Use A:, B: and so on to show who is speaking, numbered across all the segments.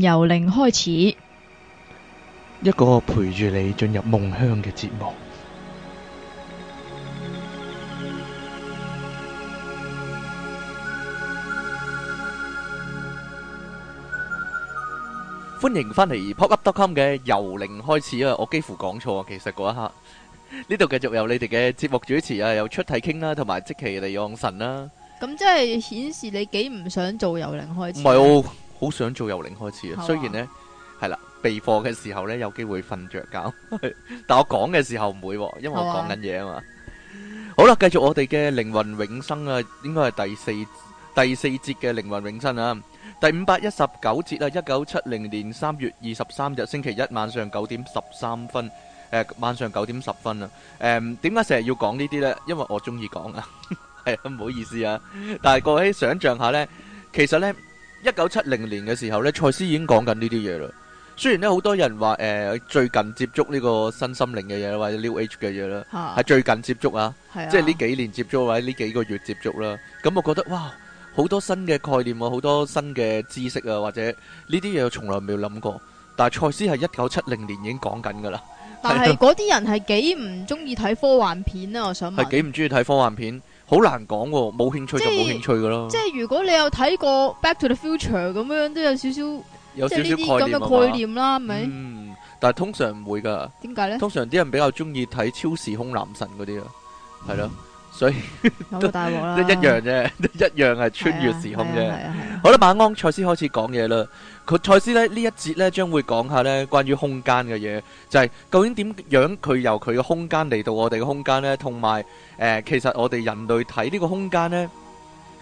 A: 由零開始，
B: 一個陪住你進入夢鄉嘅節目。歡迎翻嚟 pop up dot com 嘅由零開始啊！我幾乎講錯啊，其實嗰一刻呢度繼續由你哋嘅節目主持啊，有出體傾啦，同埋即期嚟用神啦、啊。
A: 咁即係顯示你幾唔想做由零開始、啊。唔
B: 好想做由零開始啊！雖然咧係啦，備課嘅時候咧有機會瞓著覺，但係我講嘅時候唔會，因為我講緊嘢啊嘛。好啦，繼續我哋嘅靈魂永生啊，應該係第四第四節嘅靈魂永生啊，第五百一十九節啊，一九七零年三月二十三日星期一晚上九點十三分誒，晚上九點十分啊。誒，點解成日要講呢啲咧？因為我中意講啊，係啊，唔好意思啊。但係各位想象下咧，其實咧。一九七零年嘅時候呢蔡司，已經講緊呢啲嘢啦。雖然呢，好多人話誒、呃，最近接觸呢個新心靈嘅嘢，或者 New Age 嘅嘢啦，係、啊、最近接觸啊，啊即係呢幾年接觸或者呢幾個月接觸啦、啊。咁、嗯嗯、我覺得哇，好多新嘅概念啊，好多新嘅知識啊，或者呢啲嘢我從來未諗過。但係蔡司係一九七零年已經講緊噶啦。但係嗰
A: 啲人係幾唔中意睇科幻片啊？我想問係幾
B: 唔中意睇科幻片。好難講喎，冇興趣就冇興趣噶咯。即係
A: 如果你有睇過《Back to the Future》咁樣，都有少少，
B: 即係呢啲咁嘅概念啦，係咪？吧嗯，但係通常唔會噶。點解呢？通常啲人比較中意睇超時空男神嗰啲啊，係咯、嗯。所以都大鑊啦，即係一樣啫，一樣係穿越時空啫。好啦，馬安賽斯開始講嘢啦。佢賽斯呢呢一節呢，將會講下呢關於空間嘅嘢，就係究竟點樣佢由佢嘅空間嚟到我哋嘅空間呢，同埋誒，其實我哋人類睇呢個空間呢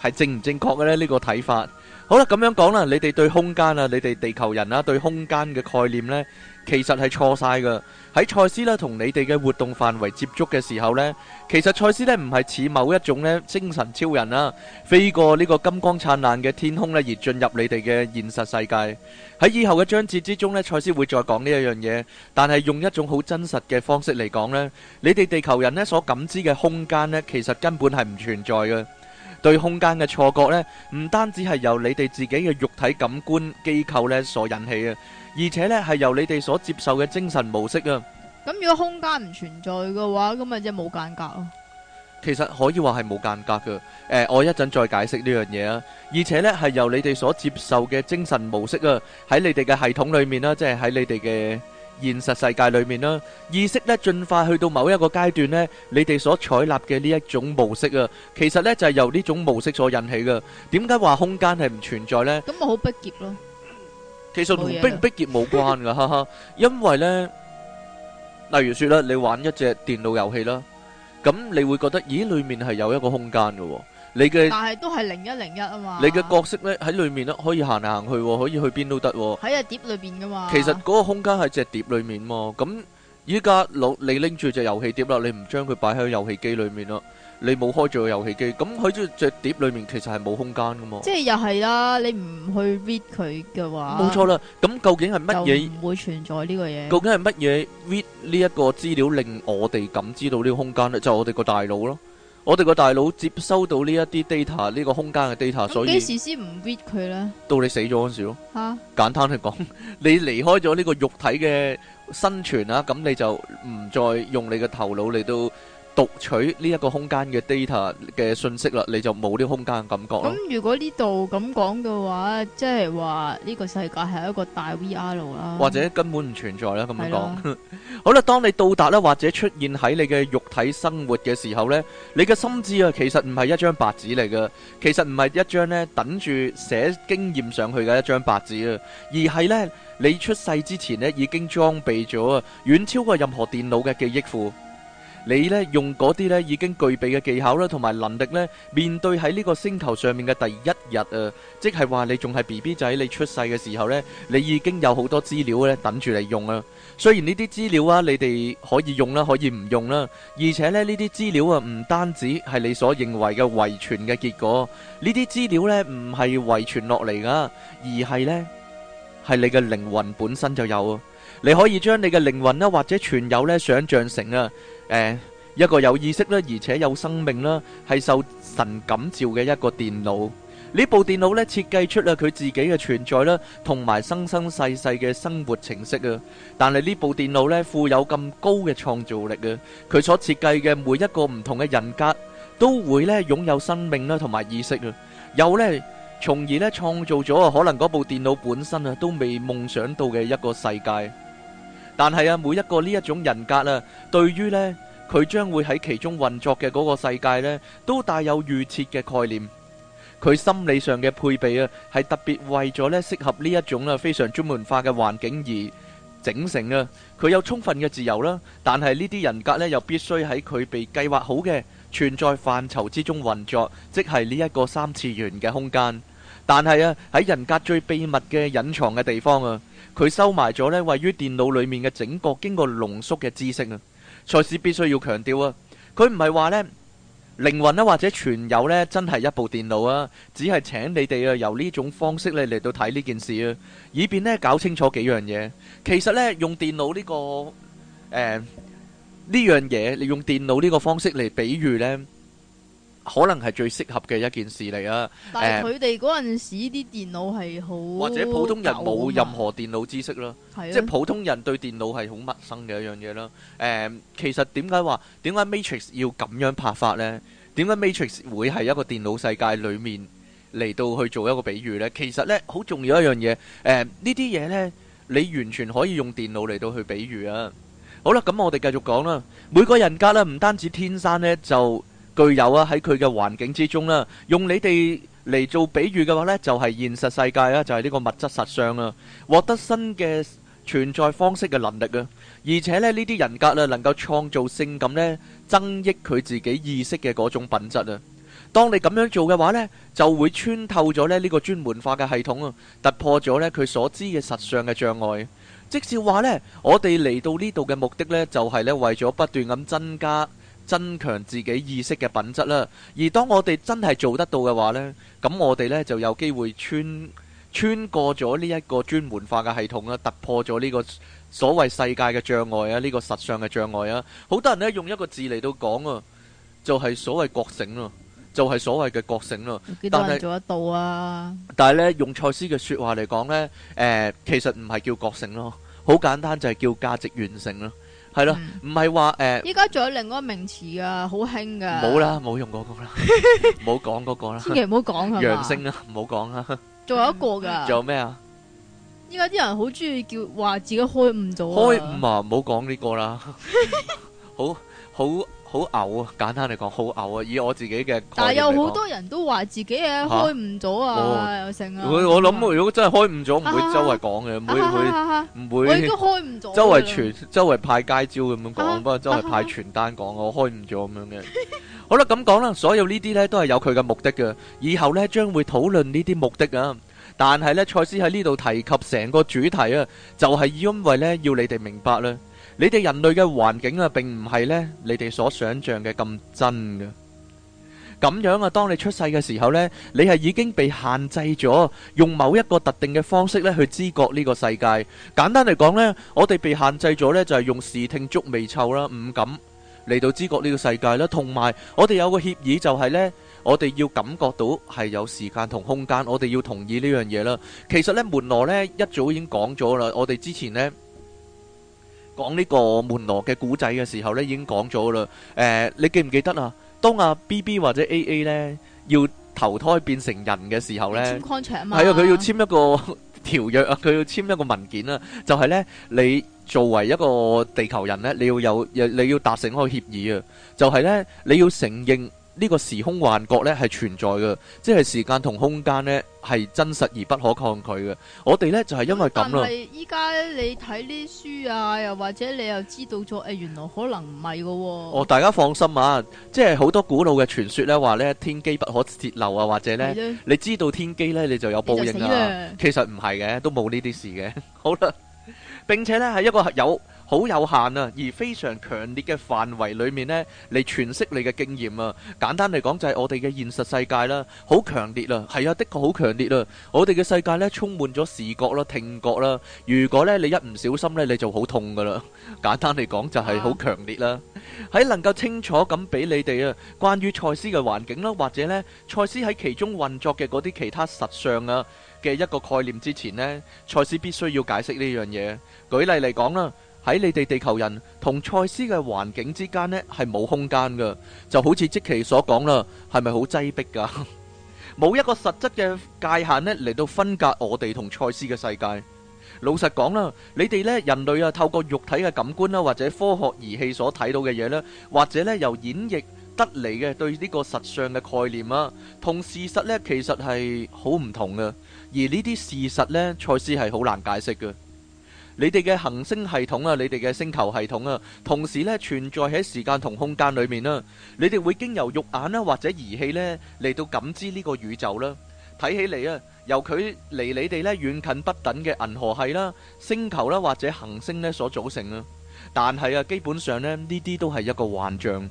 B: 係正唔正確嘅呢？呢個睇法。好啦，咁樣講啦，你哋對空間啊，你哋地球人啦，對空間嘅概念呢，其實係錯晒噶。喺賽斯呢同你哋嘅活動範圍接觸嘅時候呢，其實賽斯呢唔係似某一種呢精神超人啦、啊，飛過呢個金光燦爛嘅天空呢而進入你哋嘅現實世界。喺以後嘅章節之中呢，賽斯會再講呢一樣嘢，但係用一種好真實嘅方式嚟講呢，你哋地球人呢所感知嘅空間呢，其實根本係唔存在嘅。對空間嘅錯覺咧，唔單止係由你哋自己嘅肉體感官機構咧所引起嘅，而且咧係由你哋所接受嘅精神模式啊。
A: 咁如果空間唔存在嘅話，咁咪即係冇間隔咯。
B: 其實可以話係冇間隔嘅。誒，我一陣再解釋呢樣嘢啊。而且咧係由你哋所接受嘅精神模式啊，喺你哋嘅系統裏面啦，即係喺你哋嘅。現實世界裏面啦，意識咧進化去到某一個階段咧，你哋所採納嘅呢一種模式啊，其實咧就係由呢種模式所引起噶。點解話空間係唔存在咧？
A: 咁咪好逼結咯。
B: 其實同逼唔逼結冇關噶，哈哈。因為咧，例如說啦，你玩一隻電腦遊戲啦，咁你會覺得，咦，裏面係有一個空間噶。你嘅但係
A: 都係零一零一啊嘛！你嘅
B: 角色咧喺裏面咯，可以行嚟行去，可以去邊都得。喺
A: 啊碟裏邊噶嘛。其實
B: 嗰個空間係隻碟裏面嘛。咁依家老你拎住隻遊戲碟啦，你唔將佢擺喺遊戲機裏面啦，你冇開住個遊戲機，咁喺住隻碟裏面其實係冇空間噶嘛。即係
A: 又係啦，你唔去 read 佢嘅話。冇錯
B: 啦。咁究竟係乜嘢？就
A: 唔會存在呢個嘢。究竟
B: 係乜嘢 read 呢一個資料令我哋感知到呢個空間咧？就係我哋個大腦咯。我哋個大腦接收到呢一啲 data，呢個空間嘅 data，所以幾時
A: 先唔 read 佢咧？
B: 到你死咗嗰陣時咯。吓蛤，簡單嚟講， 你離開咗呢個肉體嘅生存啊，咁你就唔再用你嘅頭腦嚟到。讀取呢一個空間嘅 data 嘅信息啦，你就冇呢個空間嘅感覺。咁
A: 如果呢度咁講嘅話，即係話呢個世界係一個大 VR 啦，或者
B: 根本唔存在啦咁樣講。的 好啦，當你到達啦，或者出現喺你嘅肉體生活嘅時候呢，你嘅心智啊，其實唔係一張白紙嚟嘅，其實唔係一張咧等住寫經驗上去嘅一張白紙啊，而係呢，你出世之前咧已經裝備咗啊，遠超過任何電腦嘅記憶庫。你咧用嗰啲咧已經具備嘅技巧啦，同埋能力咧，面對喺呢個星球上面嘅第一日啊，即係話你仲係 BB 仔，你出世嘅時候咧，你已經有好多資料咧等住你用啊。雖然呢啲資料啊，你哋可以用啦，可以唔用啦。而且咧呢啲資料啊，唔單止係你所認為嘅遺傳嘅結果，呢啲資料咧唔係遺傳落嚟噶，而係呢係你嘅靈魂本身就有。你可以將你嘅靈魂啦，或者存有咧想象成啊。誒，一個有意識啦，而且有生命啦，係受神感召嘅一個電腦。呢部電腦咧設計出啦佢自己嘅存在啦，同埋生生世世嘅生活程式啊。但係呢部電腦咧富有咁高嘅創造力啊，佢所設計嘅每一個唔同嘅人格都會咧擁有生命啦，同埋意識啊，又咧從而咧創造咗可能嗰部電腦本身啊都未夢想到嘅一個世界。但係啊，每一個呢一種人格啊，對於呢，佢將會喺其中運作嘅嗰個世界呢，都帶有預設嘅概念。佢心理上嘅配備啊，係特別為咗呢適合呢一種啊非常專門化嘅環境而整成啊。佢有充分嘅自由啦，啊，但係呢啲人格呢，又必須喺佢被計劃好嘅存在範疇之中運作，即係呢一個三次元嘅空間。但係啊，喺人格最秘密嘅隱藏嘅地方啊，佢收埋咗咧，位於電腦裡面嘅整個經過濃縮嘅知識啊，才是必須要強調啊。佢唔係話咧靈魂啊或者存有咧，真係一部電腦啊，只係請你哋啊由呢種方式咧嚟到睇呢件事啊，以便咧搞清楚幾樣嘢。其實咧用電腦呢個誒呢樣嘢，你用電腦呢個方式嚟比喻咧。可能係最適合嘅一件事嚟啊！但係佢
A: 哋嗰陣時啲電腦係好或者普通人冇
B: 任何電腦知識咯、啊，啊、即係普通人對電腦係好陌生嘅一樣嘢咯。其實點解話點解 Matrix 要咁樣拍法呢？點解 Matrix 會係一個電腦世界裡面嚟到去做一個比喻呢？其實呢，好重要一樣嘢。誒、嗯，呢啲嘢呢，你完全可以用電腦嚟到去比喻啊！好啦，咁我哋繼續講啦。每個人格咧，唔單止天生呢，就具有啊喺佢嘅環境之中啦，用你哋嚟做比喻嘅話咧，就係現實世界啊，就係呢個物質實相啊，獲得新嘅存在方式嘅能力啊，而且咧呢啲人格啦能夠創造性感咧，增益佢自己意識嘅嗰種品質啊。當你咁樣做嘅話咧，就會穿透咗咧呢個專門化嘅系統啊，突破咗咧佢所知嘅實相嘅障礙，即係話咧，我哋嚟到呢度嘅目的咧，就係咧為咗不斷咁增加。增強自己意識嘅品質啦，而當我哋真係做得到嘅話呢，咁我哋呢就有機會穿穿過咗呢一個專門化嘅系統啦，突破咗呢個所謂世界嘅障礙啊，呢、呢個實相嘅障礙啊，好多人呢用一個字嚟到講啊，就係、係、所謂覺醒咯，就係、係、所謂嘅覺醒咯。幾多人做
A: 得到啊？
B: 但係咧，用賽斯嘅説話嚟講呢，誒、呃，其實唔係叫覺醒咯，好簡單就係叫價值完成啦。係咯，唔係話誒，依
A: 家仲有另外一個名詞啊，好興噶。冇啦，
B: 冇用嗰個啦，冇講嗰個啦，千祈唔好
A: 講，係嘛。陽性唔
B: 好講啊。
A: 仲有一個噶。仲有咩啊？依家啲人好中意叫話自己開悟咗。開啊。開悟啊，
B: 唔 好講呢個啦，好好。好嘔啊！簡單嚟講，好嘔啊！以我自己嘅，但係有好多
A: 人都話自己嘅開悟咗啊，成我我諗
B: 如果真係開悟咗，唔會周圍講嘅，唔會唔會，我亦都開悟咗。
A: 周圍傳，
B: 周圍派街招咁樣講，不過周圍派傳單講我開悟咗咁樣嘅。好啦，咁講啦，所有呢啲呢都係有佢嘅目的嘅，以後呢，將會討論呢啲目的啊。但係呢，賽斯喺呢度提及成個主題啊，就係因為呢，要你哋明白啦。你哋人類嘅環境啊，並唔係呢你哋所想像嘅咁真嘅。咁樣啊，當你出世嘅時候呢，你係已經被限制咗，用某一個特定嘅方式呢去知覺呢個世界。簡單嚟講呢，我哋被限制咗呢，就係用視聽觸味嗅啦五感嚟到知覺呢個世界啦。同埋我哋有個協議，就係呢，我哋要感覺到係有時間同空間，我哋要同意呢樣嘢啦。其實呢，門羅呢一早已經講咗啦，我哋之前呢。講呢個門羅嘅故仔嘅時候咧，已經講咗啦。誒，你記唔記得啊？當阿 BB 或者 AA 咧要投胎變成人嘅時候咧，簽 contract 啊嘛，係啊，佢要簽一個條約啊，佢要簽一個文件啊，就係咧，你作為一個地球人咧，你要有，要你要達成一個協議啊，就係咧，你要承認。呢個時空幻覺呢係存在嘅，即係時間同空間呢係真實而不可抗拒嘅。我哋呢就係、是、因為咁咯。
A: 依家你睇啲書啊，又或者你又知道咗，誒原來可能唔係嘅喎。哦，
B: 大家放心啊，即係好多古老嘅傳說呢話呢天機不可洩漏啊，或者呢，呢你知道天機呢，你就有報應啊。其實唔係嘅，都冇呢啲事嘅。 好啦。並且咧，喺一個有好有限啊，而非常強烈嘅範圍裏面咧，嚟詮釋你嘅經驗啊。簡單嚟講就係我哋嘅現實世界啦，好強烈啦、啊。係啊，的確好強烈啦、啊。我哋嘅世界呢，充滿咗視覺啦、聽覺啦。如果呢，你一唔小心呢，你就好痛噶啦。簡單嚟講就係好強烈啦、啊。喺、啊、能夠清楚咁俾你哋啊，關於賽斯嘅環境啦、啊，或者呢，賽斯喺其中運作嘅嗰啲其他實相啊。嘅一個概念之前呢，賽斯必須要解釋呢樣嘢。舉例嚟講啦，喺你哋地球人同賽斯嘅環境之間呢，係冇空間噶，就好似積奇所講啦，係咪好擠迫噶？冇 一個實質嘅界限呢，嚟到分隔我哋同賽斯嘅世界。老實講啦，你哋呢人類啊，透過肉體嘅感官啦，或者科學儀器所睇到嘅嘢呢，或者呢由演繹得嚟嘅對呢個實相嘅概念啊，同事實呢，其實係好唔同嘅。而呢啲事實咧，賽斯係好難解釋嘅。你哋嘅行星系統啊，你哋嘅星球系統啊，同時咧存在喺時間同空間裏面啦。你哋會經由肉眼啦或者儀器呢嚟到感知呢個宇宙啦。睇起嚟啊，由佢離你哋呢遠近不等嘅銀河系啦、星球啦或者行星呢所組成啊。但係啊，基本上呢，呢啲都係一個幻象。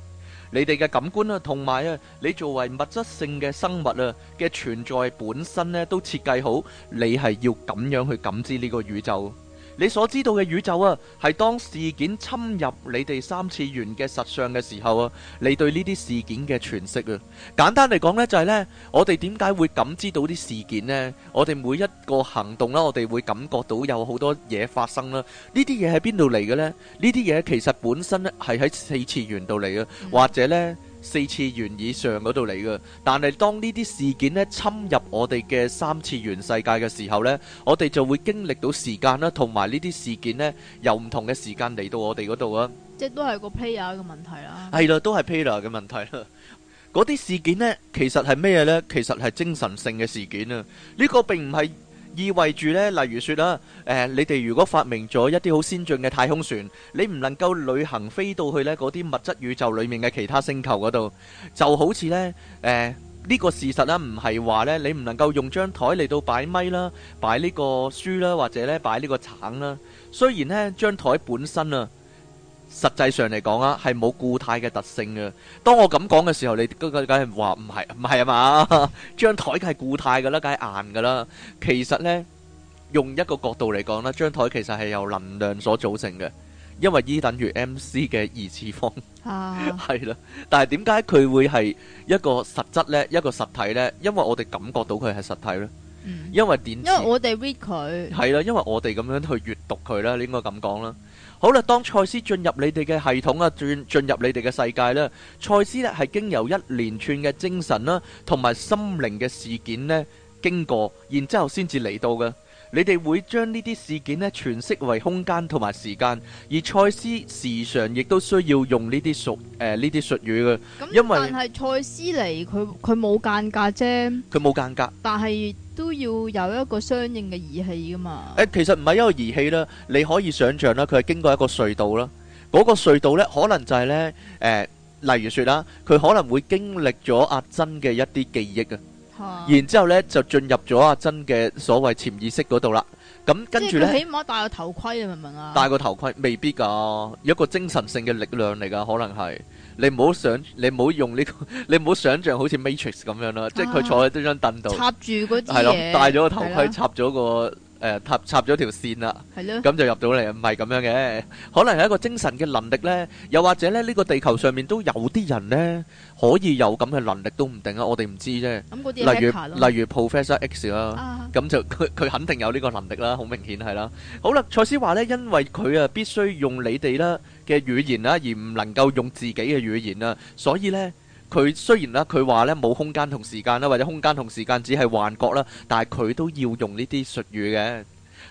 B: 你哋嘅感官啊，同埋啊，你作為物質性嘅生物啊嘅存在本身咧，都設計好你係要咁樣去感知呢個宇宙。你所知道嘅宇宙啊，係當事件侵入你哋三次元嘅實相嘅時候啊，你對呢啲事件嘅詮釋啊。簡單嚟講咧，就係、是、咧，我哋點解會感知到啲事件咧？我哋每一個行動啦，我哋會感覺到有好多嘢發生啦。呢啲嘢喺邊度嚟嘅咧？呢啲嘢其實本身係喺四次元度嚟嘅，或者咧。四次元以上嗰度嚟嘅，但係當呢啲事件咧侵入我哋嘅三次元世界嘅時候咧，我哋就會經歷到時間啦，同埋呢啲事件咧由唔同嘅時間嚟到我哋嗰度啊，
A: 即係都係個 player 嘅問題啦，係
B: 啦，都係 player 嘅問題啦。嗰啲事件咧，其實係咩咧？其實係精神性嘅事件啊，呢個並唔係。意味住呢，例如說啦，誒、呃，你哋如果發明咗一啲好先進嘅太空船，你唔能夠旅行飛到去呢嗰啲物質宇宙裏面嘅其他星球嗰度，就好似呢，誒、呃，呢、個事實呢，唔係話呢，你唔能夠用張台嚟到擺咪啦，擺呢個書啦，或者呢擺呢個橙啦，雖然呢，張台本身啊。實際上嚟講啊，係冇固態嘅特性嘅。當我咁講嘅時候，你嗰個梗係話唔係唔係啊嘛？張枱梗係固態嘅啦，梗係硬嘅啦。其實咧，用一個角度嚟講咧，張枱其實係由能量所組成嘅，因為 E 等於 MC 嘅二次方。啊，係啦。但係點解佢會係一個實質咧，一個實體咧？因為我哋感覺到佢係實體咧。嗯。因為點？因為
A: 我哋 read 佢。係
B: 啦，因為我哋咁樣去閲讀佢啦，你應該咁講啦。好啦，當賽斯進入你哋嘅系統啊，進進入你哋嘅世界咧，賽斯咧係經由一連串嘅精神啦，同埋心靈嘅事件咧經過，然之後先至嚟到嘅。你哋會將呢啲事件咧，詮釋為空間同埋時間，而賽斯時常亦都需要用呢啲術誒呢啲術語嘅。咁，但係
A: 賽斯嚟佢佢冇間隔啫。
B: 佢冇間隔，
A: 但係都要有一個相應嘅儀器噶嘛。
B: 誒，其實唔係一個儀器啦，你可以想像啦，佢係經過一個隧道啦。嗰個隧道呢，可能就係呢，誒，例如説啦，佢可能會經歷咗阿珍嘅一啲記憶啊。然之後咧就進入咗阿珍嘅所謂潛意識嗰度啦，咁跟住咧，起
A: 碼戴個頭盔啊，明唔明啊？戴
B: 個頭盔未必㗎，一個精神性嘅力量嚟㗎，可能係你唔好想，你唔好用呢、這個，你唔好想像好似 Matrix 咁樣啦，啊、即係佢坐喺張凳度，插住嗰啲嘢，戴咗個頭盔，的插咗個。誒，插插咗條線啦，咁就入到嚟唔係咁樣嘅，可能係一個精神嘅能力咧，又或者咧呢個地球上面都有啲人咧可以有咁嘅能力都唔定啊。我哋唔知啫，例如例如 Professor X 啦，咁就佢佢肯定有呢個能力啦，好明顯係啦。好啦，賽斯話咧，因為佢啊必須用你哋啦嘅語言啦，而唔能夠用自己嘅語言啦，所以咧。佢雖然啦，佢話呢冇空間同時間啦，或者空間同時間只係幻覺啦，但係佢都要用呢啲術語嘅。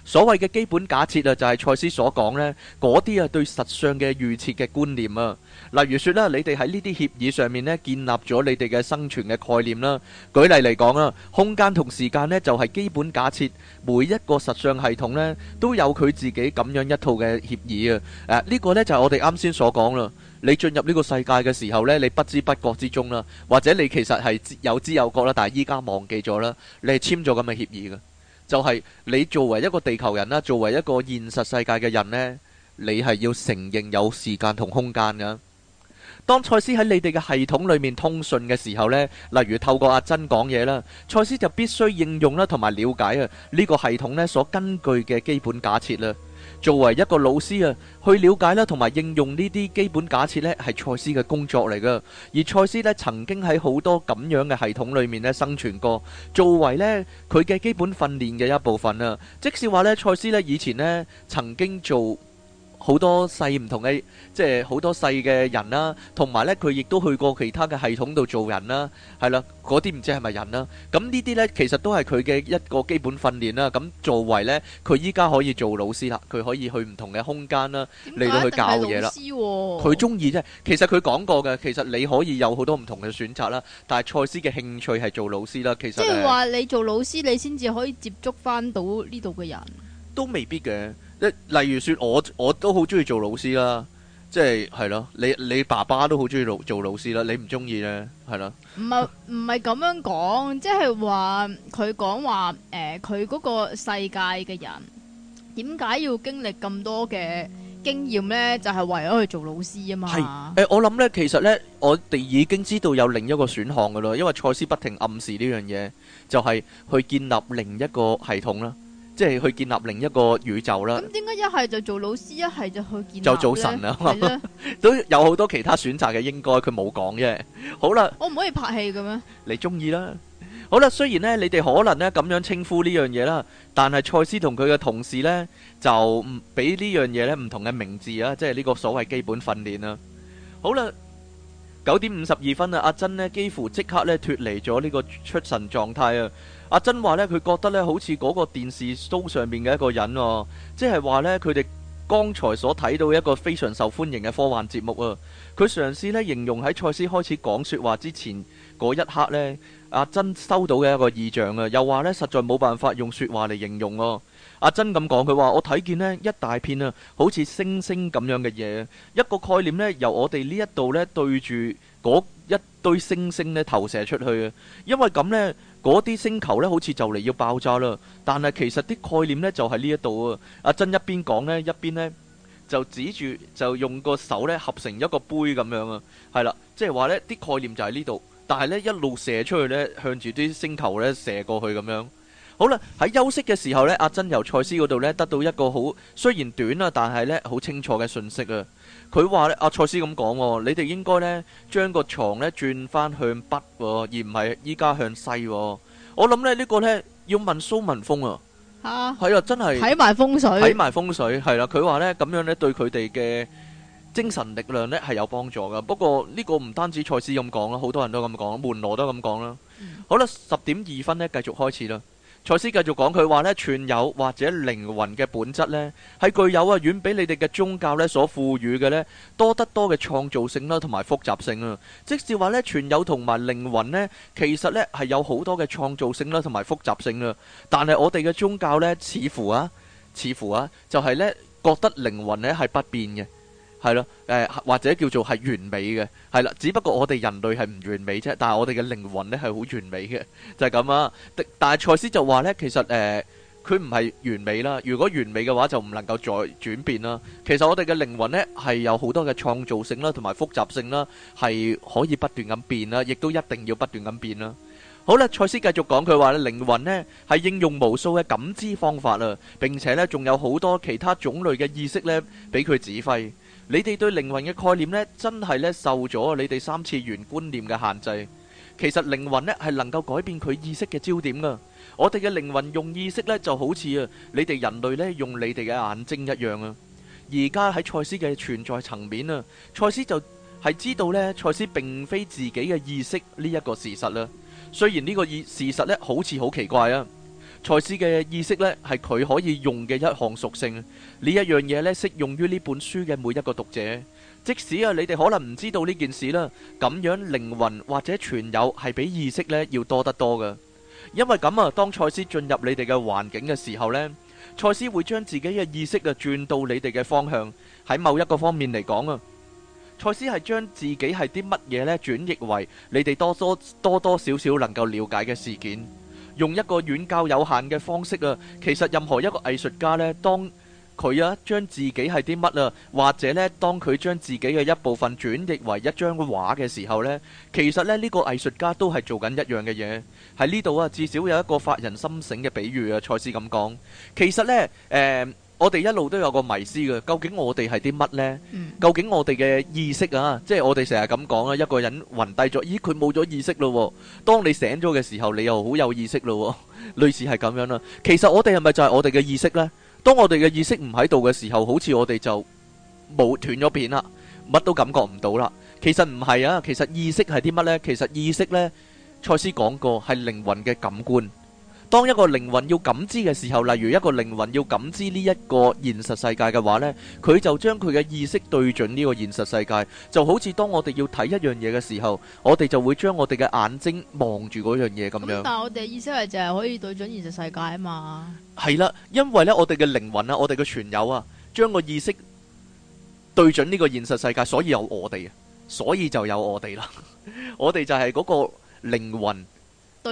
B: 所謂嘅基本假設啊，就係賽斯所講呢嗰啲啊對實相嘅預設嘅觀念啊，例如説啦，你哋喺呢啲協議上面呢，建立咗你哋嘅生存嘅概念啦。舉例嚟講啦，空間同時間呢，就係基本假設，每一個實相系統呢，都有佢自己咁樣一套嘅協議啊。誒、這個，呢個呢，就係我哋啱先所講啦。你進入呢個世界嘅時候呢，你不知不覺之中啦，或者你其實係有知有覺啦，但係依家忘記咗啦。你係簽咗咁嘅協議嘅，就係、是、你作為一個地球人啦，作為一個現實世界嘅人呢，你係要承認有時間同空間嘅。當賽斯喺你哋嘅系統裏面通訊嘅時候呢，例如透過阿珍講嘢啦，賽斯就必須應用啦同埋了解啊呢個系統呢所根據嘅基本假設啦。作為一個老師啊，去了解啦，同埋應用呢啲基本假設呢，係賽斯嘅工作嚟㗎。而賽斯呢，曾經喺好多咁樣嘅系統裏面呢生存過，作為呢，佢嘅基本訓練嘅一部分啊，即是話呢，賽斯呢以前呢曾經做。好多細唔同嘅，即係好多細嘅人啦、啊，同埋呢，佢亦都去過其他嘅系統度做人啦、啊，係啦，嗰啲唔知係咪人啦、啊。咁呢啲呢，其實都係佢嘅一個基本訓練啦、啊。咁作為呢，佢依家可以做老師啦，佢可以去唔同嘅空間啦，嚟到什去教嘢啦、
A: 啊。佢
B: 中意啫，其實佢講過嘅，其實你可以有好多唔同嘅選擇啦。但係賽斯嘅興趣係做老師啦，其實即係話
A: 你做老師，你先至可以接觸翻到呢度嘅人，
B: 都未必嘅。一例如說，我我都好中意做老師啦，即係係咯，你你爸爸都好中意老做老師啦，你唔中意咧？係啦。
A: 唔係唔係咁樣講，即係話佢講話誒，佢嗰個世界嘅人點解要經歷咁多嘅經驗咧？就係為咗去做老師啊嘛。係
B: 誒，我諗咧，其實咧，我哋已經知道有另一個選項噶啦，因為賽斯不停暗示呢樣嘢，就係去建立另一個系統啦。即係去建立另一個宇宙啦。咁
A: 點解一係就做老師，一係就去建？就做神啊嘛！
B: 都有好多其他選擇嘅，應該佢冇講嘅。好啦，
A: 我唔可以拍戲嘅咩？
B: 你中意啦。好啦，雖然咧你哋可能咧咁樣稱呼呢樣嘢啦，但係賽斯同佢嘅同事咧就唔俾呢樣嘢咧唔同嘅名字啊，即係呢個所謂基本訓練啊。好啦，九點五十二分啊，阿珍咧幾乎即刻咧脱離咗呢個出神狀態啊。阿珍話呢，佢覺得呢好似嗰個電視 show 上面嘅一個人，啊，即係話呢，佢哋剛才所睇到一個非常受歡迎嘅科幻節目啊。佢嘗試呢形容喺賽斯開始講說話之前嗰一刻呢，阿珍收到嘅一個異象啊。又話呢實在冇辦法用說話嚟形容哦，啊。阿珍咁講，佢話我睇見呢一大片啊，好似星星咁樣嘅嘢，一個概念呢，由我哋呢一度呢對住嗰一堆星星呢投射出去，啊，因為咁呢。嗰啲星球咧，好似就嚟要爆炸啦！但係其實啲概念咧，就係呢一度啊！阿珍一邊講咧，一邊咧就指住就用個手咧合成一個杯咁樣啊！係啦，即係話咧啲概念就係呢度，但係咧一路射出去咧，向住啲星球咧射過去咁樣。好啦，喺休息嘅時候呢，阿珍由賽斯嗰度呢得到一個好雖然短啊，但係呢好清楚嘅訊息啊。佢話呢，阿賽斯咁講，你哋應該呢將個床呢轉翻向北、哦，而唔係依家向西、哦。我諗呢呢、這個呢，要問蘇文峰啊。嚇，係啊，真係睇埋風水，睇埋風水係啦。佢話呢咁樣呢對佢哋嘅精神力量呢係有幫助噶。不過呢個唔單止賽斯咁講啦，好多人都咁講，門羅都咁講啦。嗯、好啦，十點二分呢繼續開始啦。賽斯繼續講，佢話咧，存有或者靈魂嘅本質呢，係具有啊遠比你哋嘅宗教咧所賦予嘅咧多得多嘅創造性啦，同埋複雜性啊。即使話咧，存有同埋靈魂呢，其實咧係有好多嘅創造性啦，同埋複雜性啊。但係我哋嘅宗教呢，似乎啊，似乎啊，就係咧覺得靈魂咧係不變嘅。係咯，誒、呃、或者叫做係完美嘅係啦，只不過我哋人類係唔完美啫，但係我哋嘅靈魂呢係好完美嘅，就係、是、咁啊。但係賽斯就話呢，其實誒佢唔係完美啦。如果完美嘅話就唔能夠再轉變啦。其實我哋嘅靈魂呢係有好多嘅創造性啦，同埋複雜性啦，係可以不斷咁變啦，亦都一定要不斷咁變啦。好啦，賽斯繼續講佢話呢，靈魂呢係應用無數嘅感知方法啦，並且呢仲有好多其他種類嘅意識呢俾佢指揮。你哋對靈魂嘅概念咧，真係咧受咗你哋三次元觀念嘅限制。其實靈魂咧係能夠改變佢意識嘅焦點噶。我哋嘅靈魂用意識咧就好似啊，你哋人類咧用你哋嘅眼睛一樣啊。而家喺賽斯嘅存在層面啊，賽斯就係知道咧，賽斯並非自己嘅意識呢一個事實啦。雖然呢個意事實咧好似好奇怪啊。賽斯嘅意識咧，係佢可以用嘅一項屬性。呢一樣嘢咧，適用於呢本書嘅每一個讀者。即使啊，你哋可能唔知道呢件事啦。咁樣靈魂或者存有係比意識咧要多得多嘅。因為咁啊，當賽斯進入你哋嘅環境嘅時候呢，賽斯會將自己嘅意識啊轉到你哋嘅方向。喺某一個方面嚟講啊，賽斯係將自己係啲乜嘢咧，轉譯為你哋多多多多少少能夠了解嘅事件。用一個遠較有限嘅方式啊，其實任何一個藝術家呢，當佢啊將自己係啲乜啊，或者呢當佢將自己嘅一部分轉譯為一張畫嘅時候呢，其實咧呢、呢個藝術家都係做緊一樣嘅嘢。喺呢度啊，至少有一個發人深省嘅比喻啊，賽斯咁講。其實呢。誒、呃。我哋一路都有個迷思嘅，究竟我哋係啲乜呢？究竟我哋嘅意識啊，即係我哋成日咁講啦，一個人暈低咗，咦佢冇咗意識咯？當你醒咗嘅時候，你又好有意識咯？類似係咁樣啦。其實我哋係咪就係我哋嘅意識呢？當我哋嘅意識唔喺度嘅時候，好似我哋就冇斷咗片啦，乜都感覺唔到啦。其實唔係啊，其實意識係啲乜呢？其實意識呢，賽斯講過係靈魂嘅感官。當一個靈魂要感知嘅時候，例如一個靈魂要感知呢一個現實世界嘅話咧，佢就將佢嘅意識對準呢個現實世界，就好似當我哋要睇一樣嘢嘅時候，我哋就會將我哋嘅眼睛望住嗰樣嘢咁樣。咁但
A: 係我哋意思係就係可以對準現實世界啊嘛？
B: 係啦，因為咧我哋嘅靈魂啊，我哋嘅存有啊，將個意識對準呢個現實世界，所以有我哋，所以就有我哋啦。我哋就係嗰個靈魂。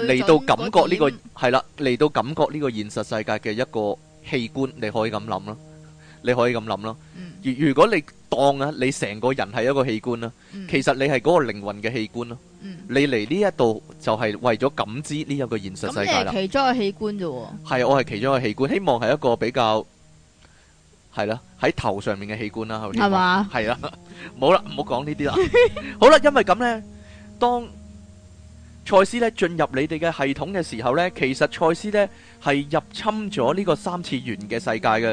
B: 嚟到感覺呢個係啦，嚟到感覺呢個現實世界嘅一個器官，你可以咁諗咯，你可以咁諗咯。如如果你當啊，你成個人係一個器官啦，其實你係嗰個靈魂嘅器官咯。你嚟呢一度就係為咗感知呢一個現實世界啦。咁你係其
A: 中一個器官啫。係，我
B: 係其中一個器官，希望係一個比較係啦，喺頭上面嘅器官啦。係嘛？係啦，冇啦，唔好講呢啲啦。好啦，因為咁咧，當賽斯咧進入你哋嘅系統嘅時候呢，其實賽斯咧係入侵咗呢個三次元嘅世界嘅，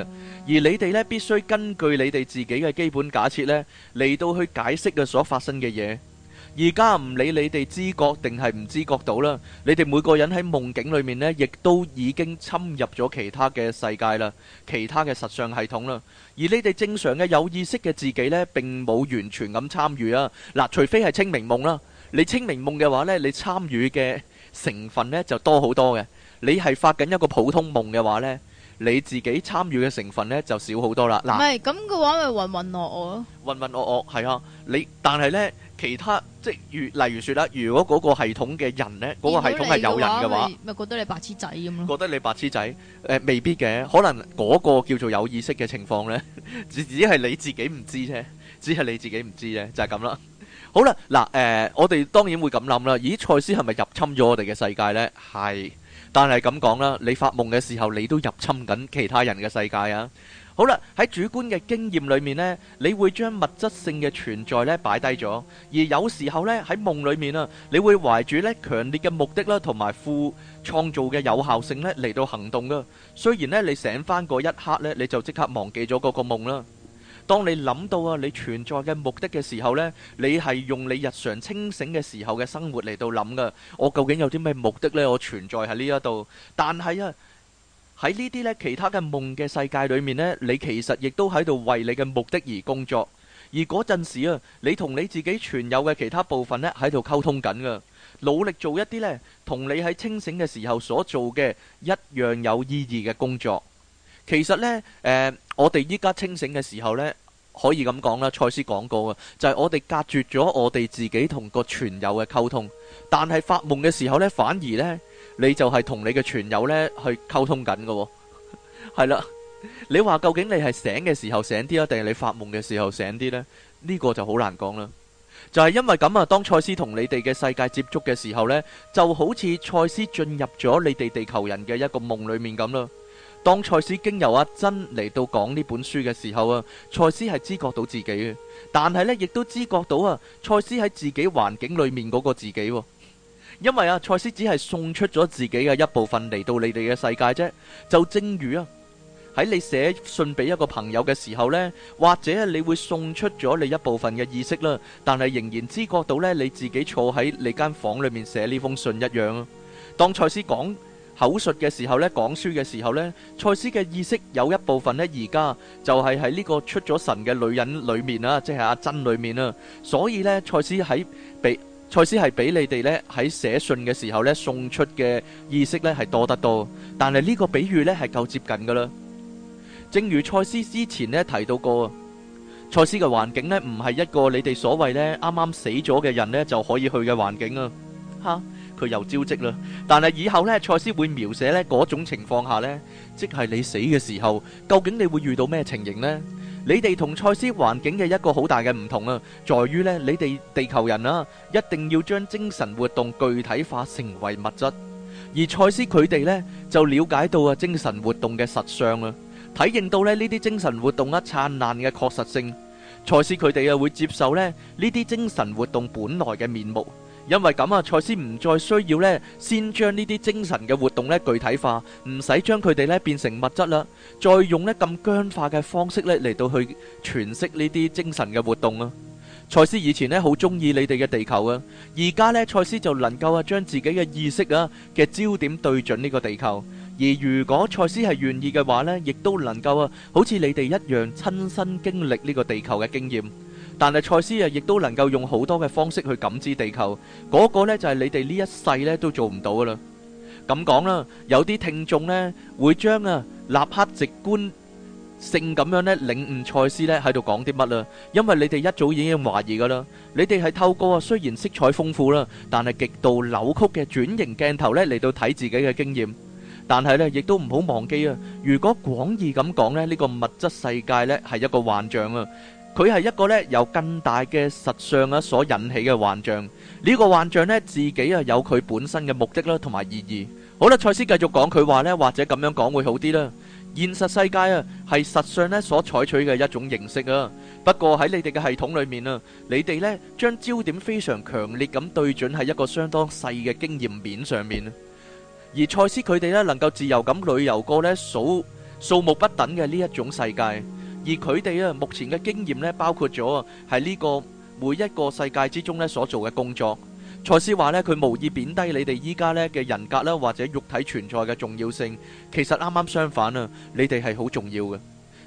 B: 而你哋呢，必須根據你哋自己嘅基本假設呢嚟到去解釋嘅所發生嘅嘢。而家唔理你哋知覺定係唔知覺到啦，你哋每個人喺夢境裏面呢，亦都已經侵入咗其他嘅世界啦，其他嘅實相系統啦。而你哋正常嘅有意識嘅自己呢，並冇完全咁參與啊。嗱，除非係清明夢啦。你清明夢嘅話呢，你參與嘅成分呢就多好多嘅。你係發緊一個普通夢嘅話呢，你自己參與嘅成分呢就少好多啦。嗱，唔係
A: 咁嘅話云云云惡惡，咪混混噩噩咯。
B: 混混噩噩係啊，你但係呢，其他即係如例如説啦，如果嗰個系統嘅人呢，嗰個系統係有人嘅話，
A: 咪覺得你白痴仔咁咯？
B: 覺得你白痴仔？誒、呃，未必嘅，可能嗰個叫做有意識嘅情況呢，只係你自己唔知啫，只係你自己唔知啫，就係咁啦。好啦，嗱，誒，我哋當然會咁諗啦。咦，賽斯係咪入侵咗我哋嘅世界咧？係，但係咁講啦，你發夢嘅時候，你都入侵緊其他人嘅世界啊。好啦，喺主觀嘅經驗裏面咧，你會將物質性嘅存在咧擺低咗，而有時候咧喺夢裏面啊，你會懷住咧強烈嘅目的啦，同埋富創造嘅有效性咧嚟到行動噶。雖然咧你醒翻嗰一刻咧，你就即刻忘記咗嗰個夢啦。當你諗到啊，你存在嘅目的嘅時候咧，你係用你日常清醒嘅時候嘅生活嚟到諗噶。我究竟有啲咩目的咧？我存在喺呢一度。但係啊，喺呢啲咧其他嘅夢嘅世界裏面咧，你其實亦都喺度為你嘅目的而工作。而嗰陣時啊，你同你自己存有嘅其他部分咧喺度溝通緊噶，努力做一啲咧同你喺清醒嘅時候所做嘅一樣有意義嘅工作。其實呢，誒、呃，我哋依家清醒嘅時候呢，可以咁講啦。賽斯講過嘅就係、係、我哋隔絕咗我哋自己同個全友嘅溝通，但係發夢嘅時候呢，反而呢，你就係同你嘅全友呢去溝通緊嘅喎，係 啦。你話究竟你係醒嘅時候醒啲啊，定係你發夢嘅時候醒啲呢？呢、呢個就好難講啦。就係、係、因為咁啊，當賽斯同你哋嘅世界接觸嘅時候呢，就好似賽斯進入咗你哋地球人嘅一個夢裡面咁啦。當賽斯經由阿珍嚟到講呢本書嘅時候啊，賽斯係知覺到自己嘅，但係呢，亦都知覺到啊，賽斯喺自己環境裏面嗰個自己，因為啊，賽斯只係送出咗自己嘅一部分嚟到你哋嘅世界啫。就正如啊，喺你寫信俾一個朋友嘅時候呢，或者你會送出咗你一部分嘅意識啦，但係仍然知覺到呢，你自己坐喺你間房裏面寫呢封信一樣啊。當賽斯講。口述嘅時候呢，講書嘅時候呢，賽斯嘅意識有一部分呢，而家就係喺呢個出咗神嘅女人裏面啊，即係阿珍裏面啊。所以呢，賽斯喺比賽斯係畀你哋呢喺寫信嘅時候呢送出嘅意識呢係多得多。但係呢個比喻呢係夠接近㗎喇。正如賽斯之前呢提到過，賽斯嘅環境呢唔係一個你哋所謂呢啱啱死咗嘅人呢就可以去嘅環境啊，吓。佢又招積啦，但係以後咧，賽斯會描寫咧嗰種情況下咧，即係你死嘅時候，究竟你會遇到咩情形咧？你哋同賽斯環境嘅一個好大嘅唔同啊，在於咧，你哋地球人啊，一定要將精神活動具體化成為物質，而賽斯佢哋咧就了解到啊精神活動嘅實相啊，體認到咧呢啲精神活動啊燦爛嘅確實性，賽斯佢哋又會接受咧呢啲精神活動本來嘅面目。因為咁啊，賽斯唔再需要咧，先將呢啲精神嘅活動咧具體化，唔使將佢哋咧變成物質啦，再用咧咁僵化嘅方式咧嚟到去詮釋呢啲精神嘅活動啊。賽斯以前咧好中意你哋嘅地球啊，而家咧賽斯就能夠啊將自己嘅意識啊嘅焦點對準呢個地球，而如果賽斯係願意嘅話咧，亦都能夠啊好似你哋一樣親身經歷呢個地球嘅經驗。但係賽斯啊，亦都能夠用好多嘅方式去感知地球。嗰個咧就係你哋呢一世咧都做唔到噶啦。咁講啦，有啲聽眾咧會將啊，立刻直觀性咁樣咧領悟賽斯咧喺度講啲乜啦。因為你哋一早已經懷疑噶啦，你哋係透過啊雖然色彩豐富啦，但係極度扭曲嘅轉型鏡頭咧嚟到睇自己嘅經驗。但係咧，亦都唔好忘記啊。如果廣義咁講咧，呢個物質世界咧係一個幻象啊。佢係一個咧由更大嘅實相啊所引起嘅幻象，呢個幻象咧自己啊有佢本身嘅目的啦同埋意義。好啦，賽斯繼續講佢話咧，或者咁樣講會好啲啦。現實世界啊係實相咧所採取嘅一種形式啊，不過喺你哋嘅系統裏面啊，你哋咧將焦點非常強烈咁對準喺一個相當細嘅經驗面上面，而賽斯佢哋咧能夠自由咁旅遊過咧數數目不等嘅呢一種世界。而佢哋啊，目前嘅經驗咧，包括咗係呢個每一個世界之中咧所做嘅工作。賽斯話咧，佢無意貶低你哋依家咧嘅人格咧，或者肉體存在嘅重要性。其實啱啱相反啊，你哋係好重要嘅。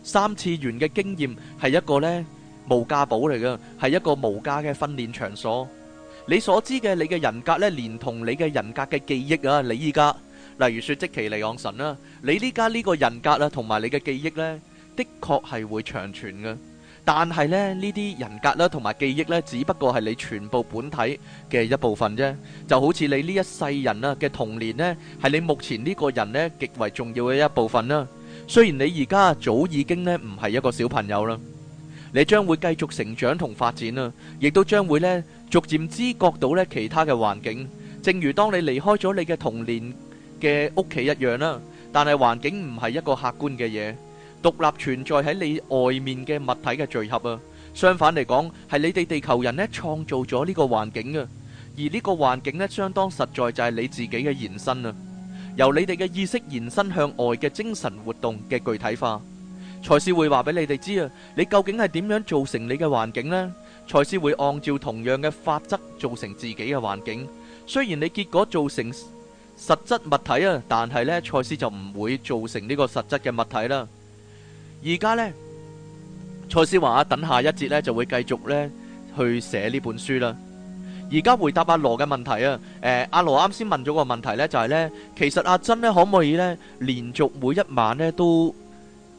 B: 三次元嘅經驗係一個咧無價寶嚟嘅，係一個無價嘅訓練場所。你所知嘅你嘅人格咧，連同你嘅人格嘅記憶啊，你依家，例如説即其嚟昂神啦，你依家呢個人格啊，同埋你嘅記憶咧，的確係會長存嘅，但係咧呢啲人格啦同埋記憶呢，只不過係你全部本體嘅一部分啫。就好似你呢一世人啊嘅童年呢，係你目前呢個人呢極為重要嘅一部分啦。雖然你而家早已經呢唔係一個小朋友啦，你將會繼續成長同發展啦，亦都將會呢逐漸知覺到呢其他嘅環境。正如當你離開咗你嘅童年嘅屋企一樣啦，但係環境唔係一個客觀嘅嘢。獨立存在喺你外面嘅物體嘅聚合啊。相反嚟講，係你哋地球人呢創造咗呢個環境啊。而呢個環境呢，相當實在，就係你自己嘅延伸啊。由你哋嘅意識延伸向外嘅精神活動嘅具體化，賽斯會話俾你哋知啊。你究竟係點樣造成你嘅環境呢？賽斯會按照同樣嘅法則造成自己嘅環境。雖然你結果造成實質物體啊，但係呢，賽斯就唔會造成呢個實質嘅物體啦。而家呢，蔡思話啊，等下一節呢就會繼續呢去寫呢本書啦。而家回答阿羅嘅問題啊，誒、呃，阿羅啱先問咗個問題呢，就係、是、呢，其實阿珍呢可唔可以呢連續每一晚呢都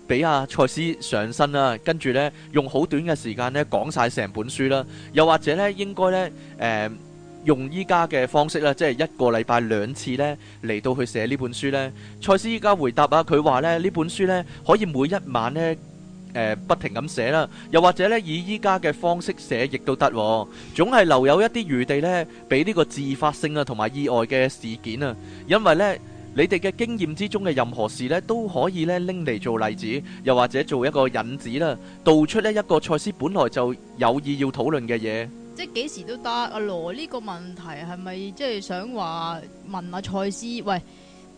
B: 俾阿蔡思上身啦、啊，跟住呢，用好短嘅時間呢講晒成本書啦，又或者呢應該呢。誒、呃。用依家嘅方式咧，即係一個禮拜兩次咧，嚟到去寫呢本書呢。蔡司依家回答啊，佢話咧，呢本書咧可以每一晚咧不停咁寫啦，又或者咧以依家嘅方式寫亦都得，總係留有一啲餘地咧俾呢個自發性啊同埋意外嘅事件啊，因為呢，你哋嘅經驗之中嘅任何事咧都可以咧拎嚟做例子，又或者做一個引子啦，導出呢一個蔡司本來就有意要討論嘅嘢。
A: 即係幾時都得，阿羅呢個問題係咪即係想話問阿賽斯？喂，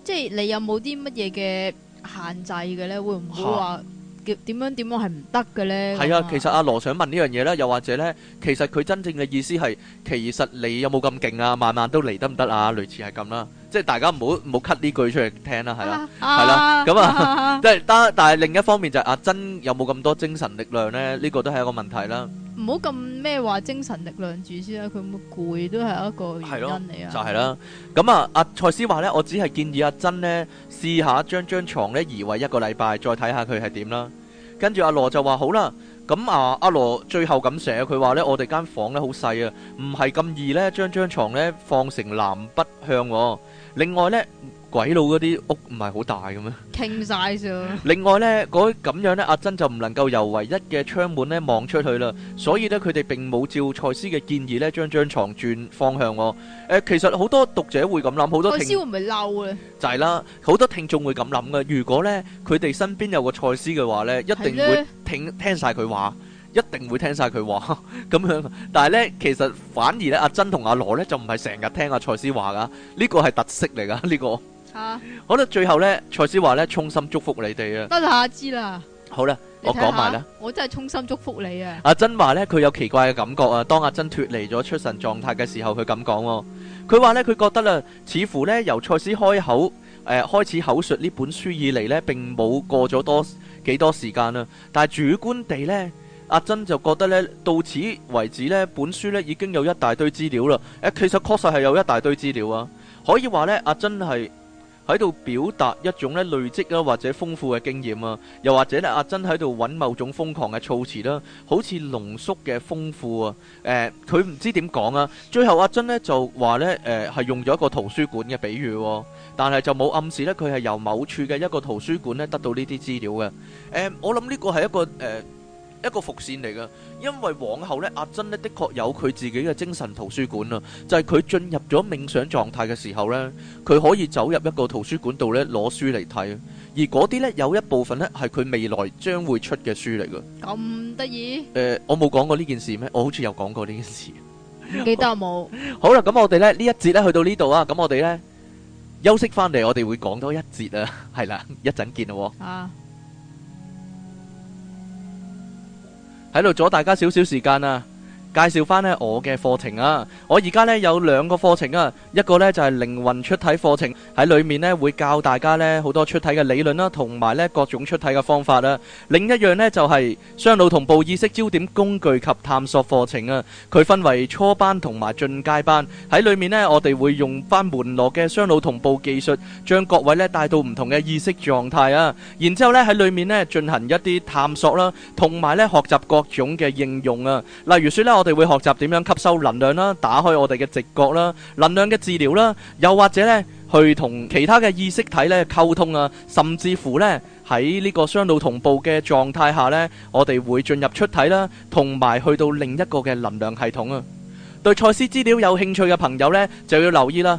A: 即係你有冇啲乜嘢嘅限制嘅咧？會唔會話點、啊、樣點樣係唔得嘅咧？係啊，
B: 其實阿羅想問呢樣嘢咧，又或者咧，其實佢真正嘅意思係，其實你有冇咁勁啊？晚晚都嚟得唔得啊？類似係咁啦，即係大家唔好唔 cut 呢句出嚟聽啦，係
A: 啦，係啦，咁啊，
B: 即係但係另一方面就係、是、阿珍有冇咁多精神力量咧？呢、這個都係一個問題啦。
A: 唔好咁咩話精神力量住先啦，佢冇攰都係一個原因嚟、就是、啊！
B: 就係啦，咁啊阿蔡思話呢，我只係建議阿珍呢試下將張床呢移位一個禮拜，再睇下佢係點啦。跟住阿羅就話好啦，咁啊阿羅、啊啊、最後咁寫，佢話呢，我哋間房呢好細啊，唔係咁易呢。將張床呢放成南北向。另外呢。鬼佬嗰啲屋唔係好大嘅咩？
A: 傾晒啫。
B: 另外咧，嗰咁樣咧，阿珍就唔能夠由唯一嘅窗門咧望出去啦。所以咧，佢哋並冇照蔡司嘅建議咧，將張床轉方向。誒，其實好多讀者會咁諗，好多聽。蔡
A: 司會唔係嬲咧？
B: 就係啦，好多聽眾會咁諗嘅。如果咧佢哋身邊有個蔡司嘅話咧，一定會聽聽晒佢話，一定會聽晒佢話。咁樣，但係咧，其實反而咧，阿珍同阿羅咧就唔係成日聽阿蔡司話噶。呢個係特色嚟噶，呢個。吓，啊、好啦，最後呢，賽斯話呢，衷心祝福你哋啊。得啦，阿芝啦。好啦，我講埋啦。
A: 我真係衷心祝福你啊。
B: 阿珍話呢，佢有奇怪嘅感覺啊。當阿珍脫離咗出神狀態嘅時候，佢咁講喎。佢話呢，佢覺得啦、啊，似乎呢，由賽斯開口誒、呃、開始口述呢本書以嚟呢，並冇過咗多幾多時間啦、啊。但係主觀地呢，阿珍就覺得呢，到此為止呢，本書呢已經有一大堆資料啦。誒、欸，其實確實係有一大堆資料啊。可以話呢，阿珍係。喺度表達一種咧，累積啊，或者豐富嘅經驗啊，又或者咧，阿珍喺度揾某種瘋狂嘅措辭啦，好似濃縮嘅豐富啊，誒佢唔知點講啊。最後阿珍呢就話呢，誒係用咗一個圖書館嘅比喻，但係就冇暗示咧，佢係由某處嘅一個圖書館咧，得到呢啲資料嘅。誒我諗呢個係一個誒。一個伏線嚟噶，因為往後呢，阿珍呢，的確有佢自己嘅精神圖書館啊。就係佢進入咗冥想狀態嘅時候呢，佢可以走入一個圖書館度呢，攞書嚟睇，而嗰啲呢，有一部分呢，係佢未來將會出嘅書嚟噶。
A: 咁得意？
B: 誒、呃，我冇講過呢件事咩？我好似有講過呢件事，
A: 唔記得冇。
B: 好啦，咁我哋呢，呢一節呢，去到呢度啊，咁我哋呢，休息翻嚟，我哋會講多一節 啊，係啦，一陣見咯。啊。喺度阻大家少少時間啊！介紹翻呢我嘅課程啊，我而家呢有兩個課程啊，一個呢就係靈魂出體課程，喺裏面呢會教大家呢好多出體嘅理論啦，同埋呢各種出體嘅方法啦。另一樣呢就係雙腦同步意識焦點工具及探索課程啊，佢分為初班同埋進階班，喺裏面呢我哋會用翻門羅嘅雙腦同步技術，將各位呢帶到唔同嘅意識狀態啊，然之後呢喺裏面呢進行一啲探索啦，同埋呢學習各種嘅應用啊，例如說呢我。我哋會學習點樣吸收能量啦，打開我哋嘅直覺啦，能量嘅治療啦，又或者咧，去同其他嘅意識體咧溝通啊，甚至乎咧喺呢個雙腦同步嘅狀態下咧，我哋會進入出體啦，同埋去到另一個嘅能量系統啊。對賽斯資料有興趣嘅朋友咧，就要留意啦。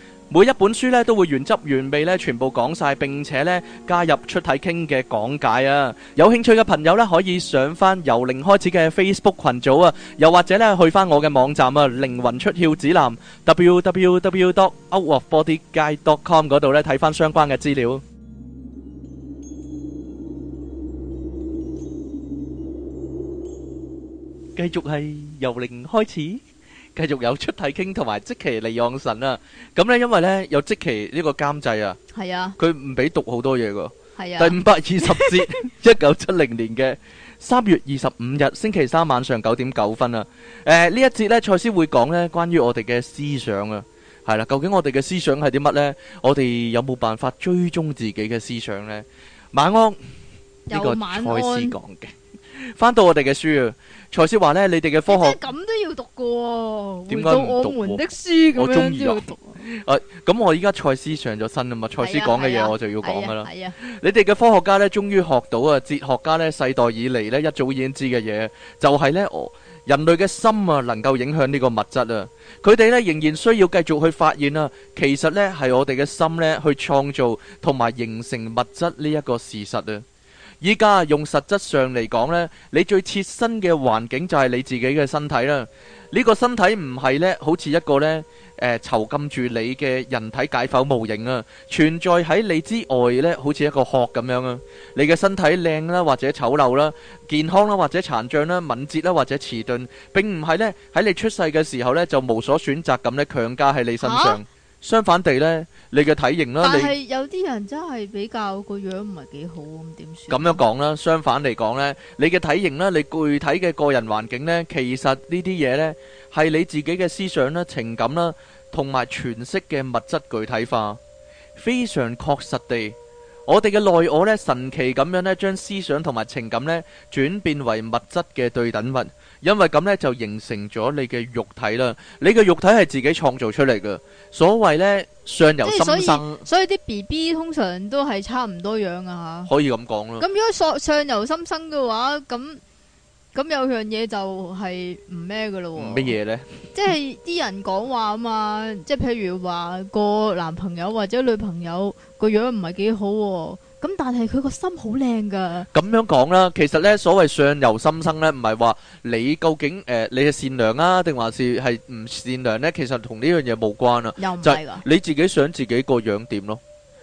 B: 每一本書咧都會原汁原味咧全部講晒，並且咧加入出體傾嘅講解啊！有興趣嘅朋友咧可以上翻由零開始嘅 Facebook 群組啊，又或者咧去翻我嘅網站啊，靈魂出竅指南 www.outofbodyguide.com 嗰度咧睇翻相關嘅資料。繼續係由零開始。繼續有出體傾同埋即其利養神啊。咁呢，因為呢，有即其呢個監製啊，係是啊，佢唔俾讀好多嘢噶，係啊。 第五百二十節，一九七零年嘅三月二十五日星期三晚上九點九分啊。誒、呃，呢一節呢，蔡司會講呢關於我哋嘅思想啊，係啦、啊，究竟我哋嘅思想係啲乜呢？我哋有冇辦法追蹤自己嘅思想呢？晚安，
A: 呢個蔡司講嘅，
B: 翻到我哋嘅書啊。蔡思話呢，你哋嘅科學
A: 咁都要讀噶，點解我們的書咁樣都要讀、
B: 啊。誒、啊，咁、啊、我依家蔡思上咗身啊嘛，蔡思講嘅嘢我就要講噶啦。 你哋嘅科學家呢，終於學到啊，哲學家呢，世代以嚟呢，一早已經知嘅嘢，就係、是、呢人類嘅心啊，能夠影響呢個物質啊。佢哋呢，仍然需要繼續去發現啊，其實呢，係我哋嘅心呢去創造同埋形成物質呢一個事實啊。依家用實質上嚟講呢，你最切身嘅環境就係你自己嘅身體啦。呢個身體唔係呢好似一個呢、呃、囚禁住你嘅人體解剖模型啊，存在喺你之外呢好似一個殼咁樣啊。你嘅身體靚啦，或者醜陋啦，健康啦，或者殘障啦，敏捷啦，或者遲鈍，並唔係呢喺你出世嘅時候呢就無所選擇咁呢強加喺你身上。啊相反地呢，你嘅體型呢，但係
A: 是你有啲人真係比較個樣唔係幾好咁點算？咁
B: 樣講啦，相反嚟講呢，你嘅體型呢，你具體嘅個人環境呢，其實呢啲嘢呢，係你自己嘅思想啦、情感啦，同埋全息嘅物質具體化，非常確實地，我哋嘅內我呢，神奇咁樣呢，將思想同埋情感呢，轉變為物質嘅對等物。因為咁呢，就形成咗你嘅肉體啦。你嘅肉體係自己創造出嚟嘅。所謂呢，相由心生。
A: 所以啲 B B 通常都係差唔多樣啊，
B: 可以咁講咯。咁如
A: 果相由心生嘅話，咁咁有樣嘢就係唔咩嘅咯。乜嘢呢？ 即係啲人講話啊嘛，即係譬如話個男朋友或者女朋友個樣唔係幾好啊。咁但係佢個心好靚噶
B: 咁樣講啦。其實咧，所謂相由心生咧，唔係話你究竟誒，你係善良啊，定還是係唔善良咧？其實同呢樣嘢冇關啦，又唔係噶你自己想自己個樣點咯？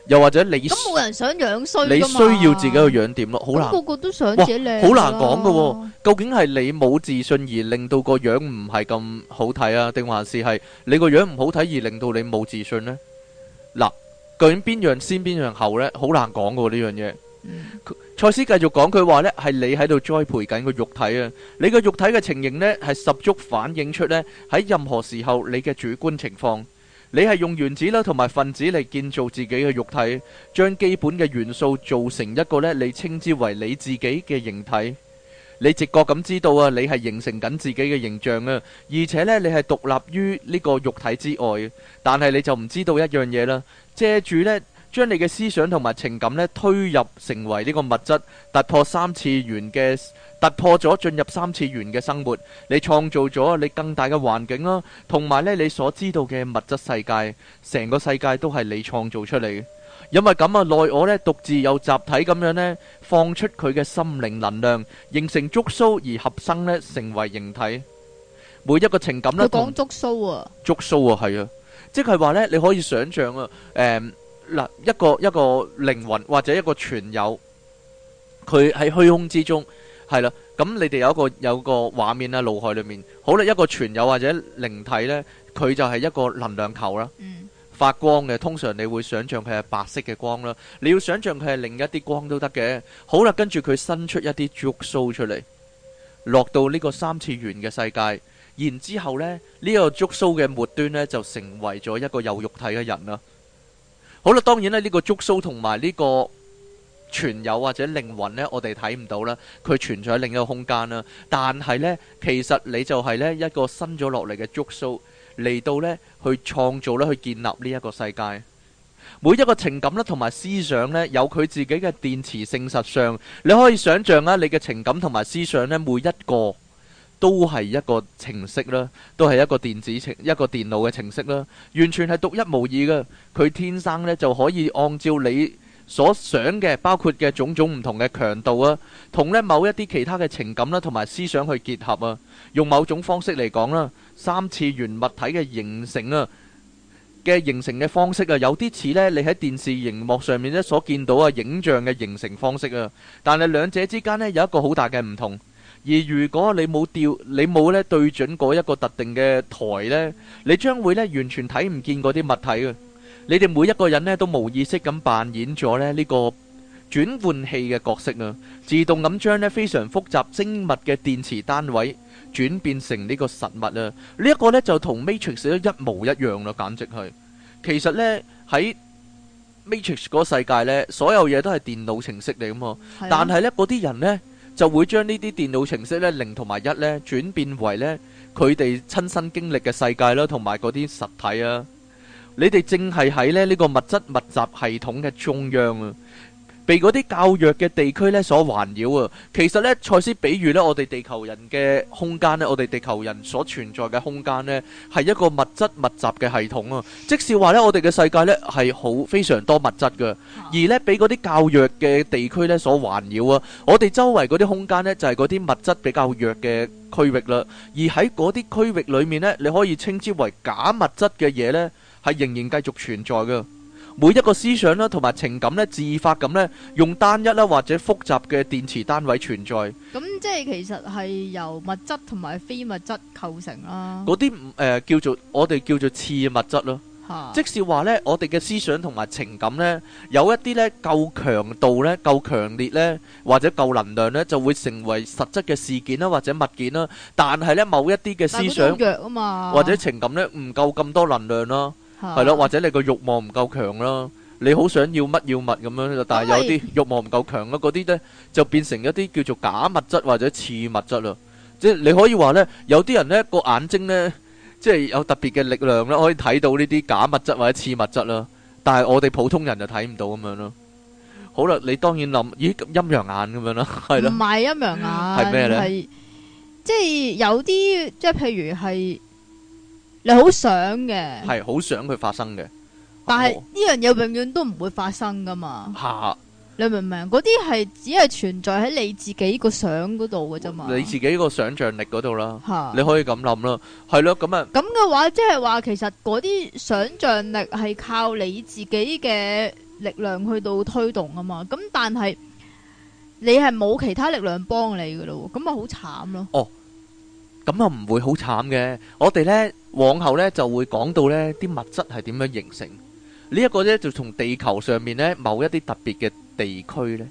B: 又或者你咁冇人
A: 想樣衰，你需要
B: 自己個樣點咯？好難，個個
A: 都想自己靚，好難講噶。
B: 究竟係你冇自信而令到個樣唔係咁好睇啊？定還是係你個樣唔好睇而令到你冇自信咧？嗱。究竟邊樣先邊樣後咧？好難講噶呢樣嘢。賽斯繼續講，佢話咧係你喺度栽培緊個肉體啊。你個肉體嘅情形咧係十足反映出咧喺任何時候你嘅主觀情況。你係用原子啦同埋分子嚟建造自己嘅肉體，將基本嘅元素做成一個咧你稱之為你自己嘅形體。你直覺咁知道啊，你係形成緊自己嘅形象啊，而且咧你係獨立於呢個肉體之外嘅，但係你就唔知道一樣嘢啦。借住呢，將你嘅思想同埋情感呢推入成為呢個物質，突破三次元嘅突破咗進入三次元嘅生活，你創造咗你更大嘅環境啦、啊，同埋呢，你所知道嘅物質世界，成個世界都係你創造出嚟嘅。因為咁啊，內我呢獨自又集體咁樣呢，放出佢嘅心靈能量，形成觸鬚而合生呢成為形體。每一個情感呢，佢講觸鬚啊，觸鬚啊，係啊。即係話呢，你可以想象啊，誒、嗯，嗱，一個一個靈魂或者一個存有，佢喺虛空之中，係啦。咁你哋有一個有一個畫面啦，腦海裏面，好啦，一個存有或者靈體呢，佢就係一個能量球啦，發光嘅。通常你會想象佢係白色嘅光啦，你要想象佢係另一啲光都得嘅。好啦，跟住佢伸出一啲觸鬚出嚟，落到呢個三次元嘅世界。然之後呢，呢、這個觸鬚嘅末端呢，就成為咗一個有肉體嘅人啦。好啦，當然呢，呢、這個觸鬚同埋呢個存有或者靈魂呢，我哋睇唔到啦，佢存在另一個空間啦。但係呢，其實你就係呢一個伸咗落嚟嘅觸鬚嚟到呢去創造咧，去建立呢一個世界。每一個情感咧，同埋思想呢，有佢自己嘅電磁性實相，你可以想象啊，你嘅情感同埋思想呢，每一個。都係一個程式啦，都係一個電子程，一個電腦嘅程式啦，完全係獨一無二嘅。佢天生呢，就可以按照你所想嘅，包括嘅種種唔同嘅強度啊，同呢某一啲其他嘅情感啦，同埋思想去結合啊，用某種方式嚟講啦，三次元物體嘅形成啊嘅形成嘅方式啊，有啲似呢，你喺電視熒幕上面呢所見到啊影像嘅形成方式啊，但係兩者之間呢，有一個好大嘅唔同。而如果你冇調，你冇咧對準嗰一個特定嘅台呢，你將會咧完全睇唔見嗰啲物體嘅。你哋每一個人呢都冇意識咁扮演咗咧呢個轉換器嘅角色啊，自動咁將咧非常複雜精密嘅電磁單位轉變成呢個實物啊。呢、這、一個咧就同 Matrix 咧一模一樣咯，簡直係。其實呢喺 Matrix 嗰個世界呢，所有嘢都係電腦程式嚟噶嘛，啊、但係呢嗰啲人呢。就會將呢啲電腦程式咧零同埋一咧轉變為咧佢哋親身經歷嘅世界啦，同埋嗰啲實體啊！你哋正係喺咧呢個物質密集系統嘅中央啊！被嗰啲較弱嘅地區呢所環繞啊！其實呢，賽斯比喻呢，我哋地球人嘅空間呢，我哋地球人所存在嘅空間呢，係一個物質密集嘅系統啊！即係話呢，我哋嘅世界呢係好非常多物質嘅，而呢，俾嗰啲較弱嘅地區呢所環繞啊！我哋周圍嗰啲空間呢，就係嗰啲物質比較弱嘅區域啦。而喺嗰啲區域裡面呢，你可以稱之為假物質嘅嘢呢，係仍然繼續存在嘅。每一個思想咧，同埋情感咧，自發咁咧，用單一咧或者複雜嘅電磁單位存在。
A: 咁即係其實係由物質同埋非物質構成啦。嗰啲
B: 誒叫做我哋叫做次物質咯。
A: 哈即是
B: 話呢，我哋嘅思想同埋情感呢，有一啲呢夠強度咧、夠強烈呢，或者夠能量呢，就會成為實質嘅事件啦或者物件啦。但係呢，某一啲嘅思想或者情感呢，唔夠咁多能量啦。係咯，或者你個欲望唔夠強咯，你好想要乜要物咁樣咯，但係有啲欲望唔夠強咯，嗰啲呢就變成一啲叫做假物質或者次物質咯。即係你可以話呢，有啲人呢個眼睛呢，即係有特別嘅力量啦，可以睇到呢啲假物質或者次物質啦。但係我哋普通人就睇唔到咁樣咯。好啦，你當然諗，咦，陰陽眼咁樣啦，係咯？唔
A: 係陰陽眼，係咩呢？即係有啲，即係譬如係。你好想嘅，係
B: 好想佢發生嘅，
A: 但係是呢、啊、樣嘢永遠都唔會發生噶嘛？吓、啊，你明唔明？嗰啲係只係存在喺你自己個想嗰度嘅啫嘛，啊、你自
B: 己個想象力嗰度啦。吓、啊，你可以咁諗咯，係咯，咁啊，
A: 咁嘅話即係話，其實嗰啲想象力係靠你自己嘅力量去到推動啊嘛。咁但係你係冇其他力量幫你噶咯，咁啊好慘咯。哦。
B: 咁又唔會好慘嘅，我哋呢，往後呢就會講到呢啲物質係點樣形成，呢、這、一個呢，就從地球上面呢某一啲特別嘅地區呢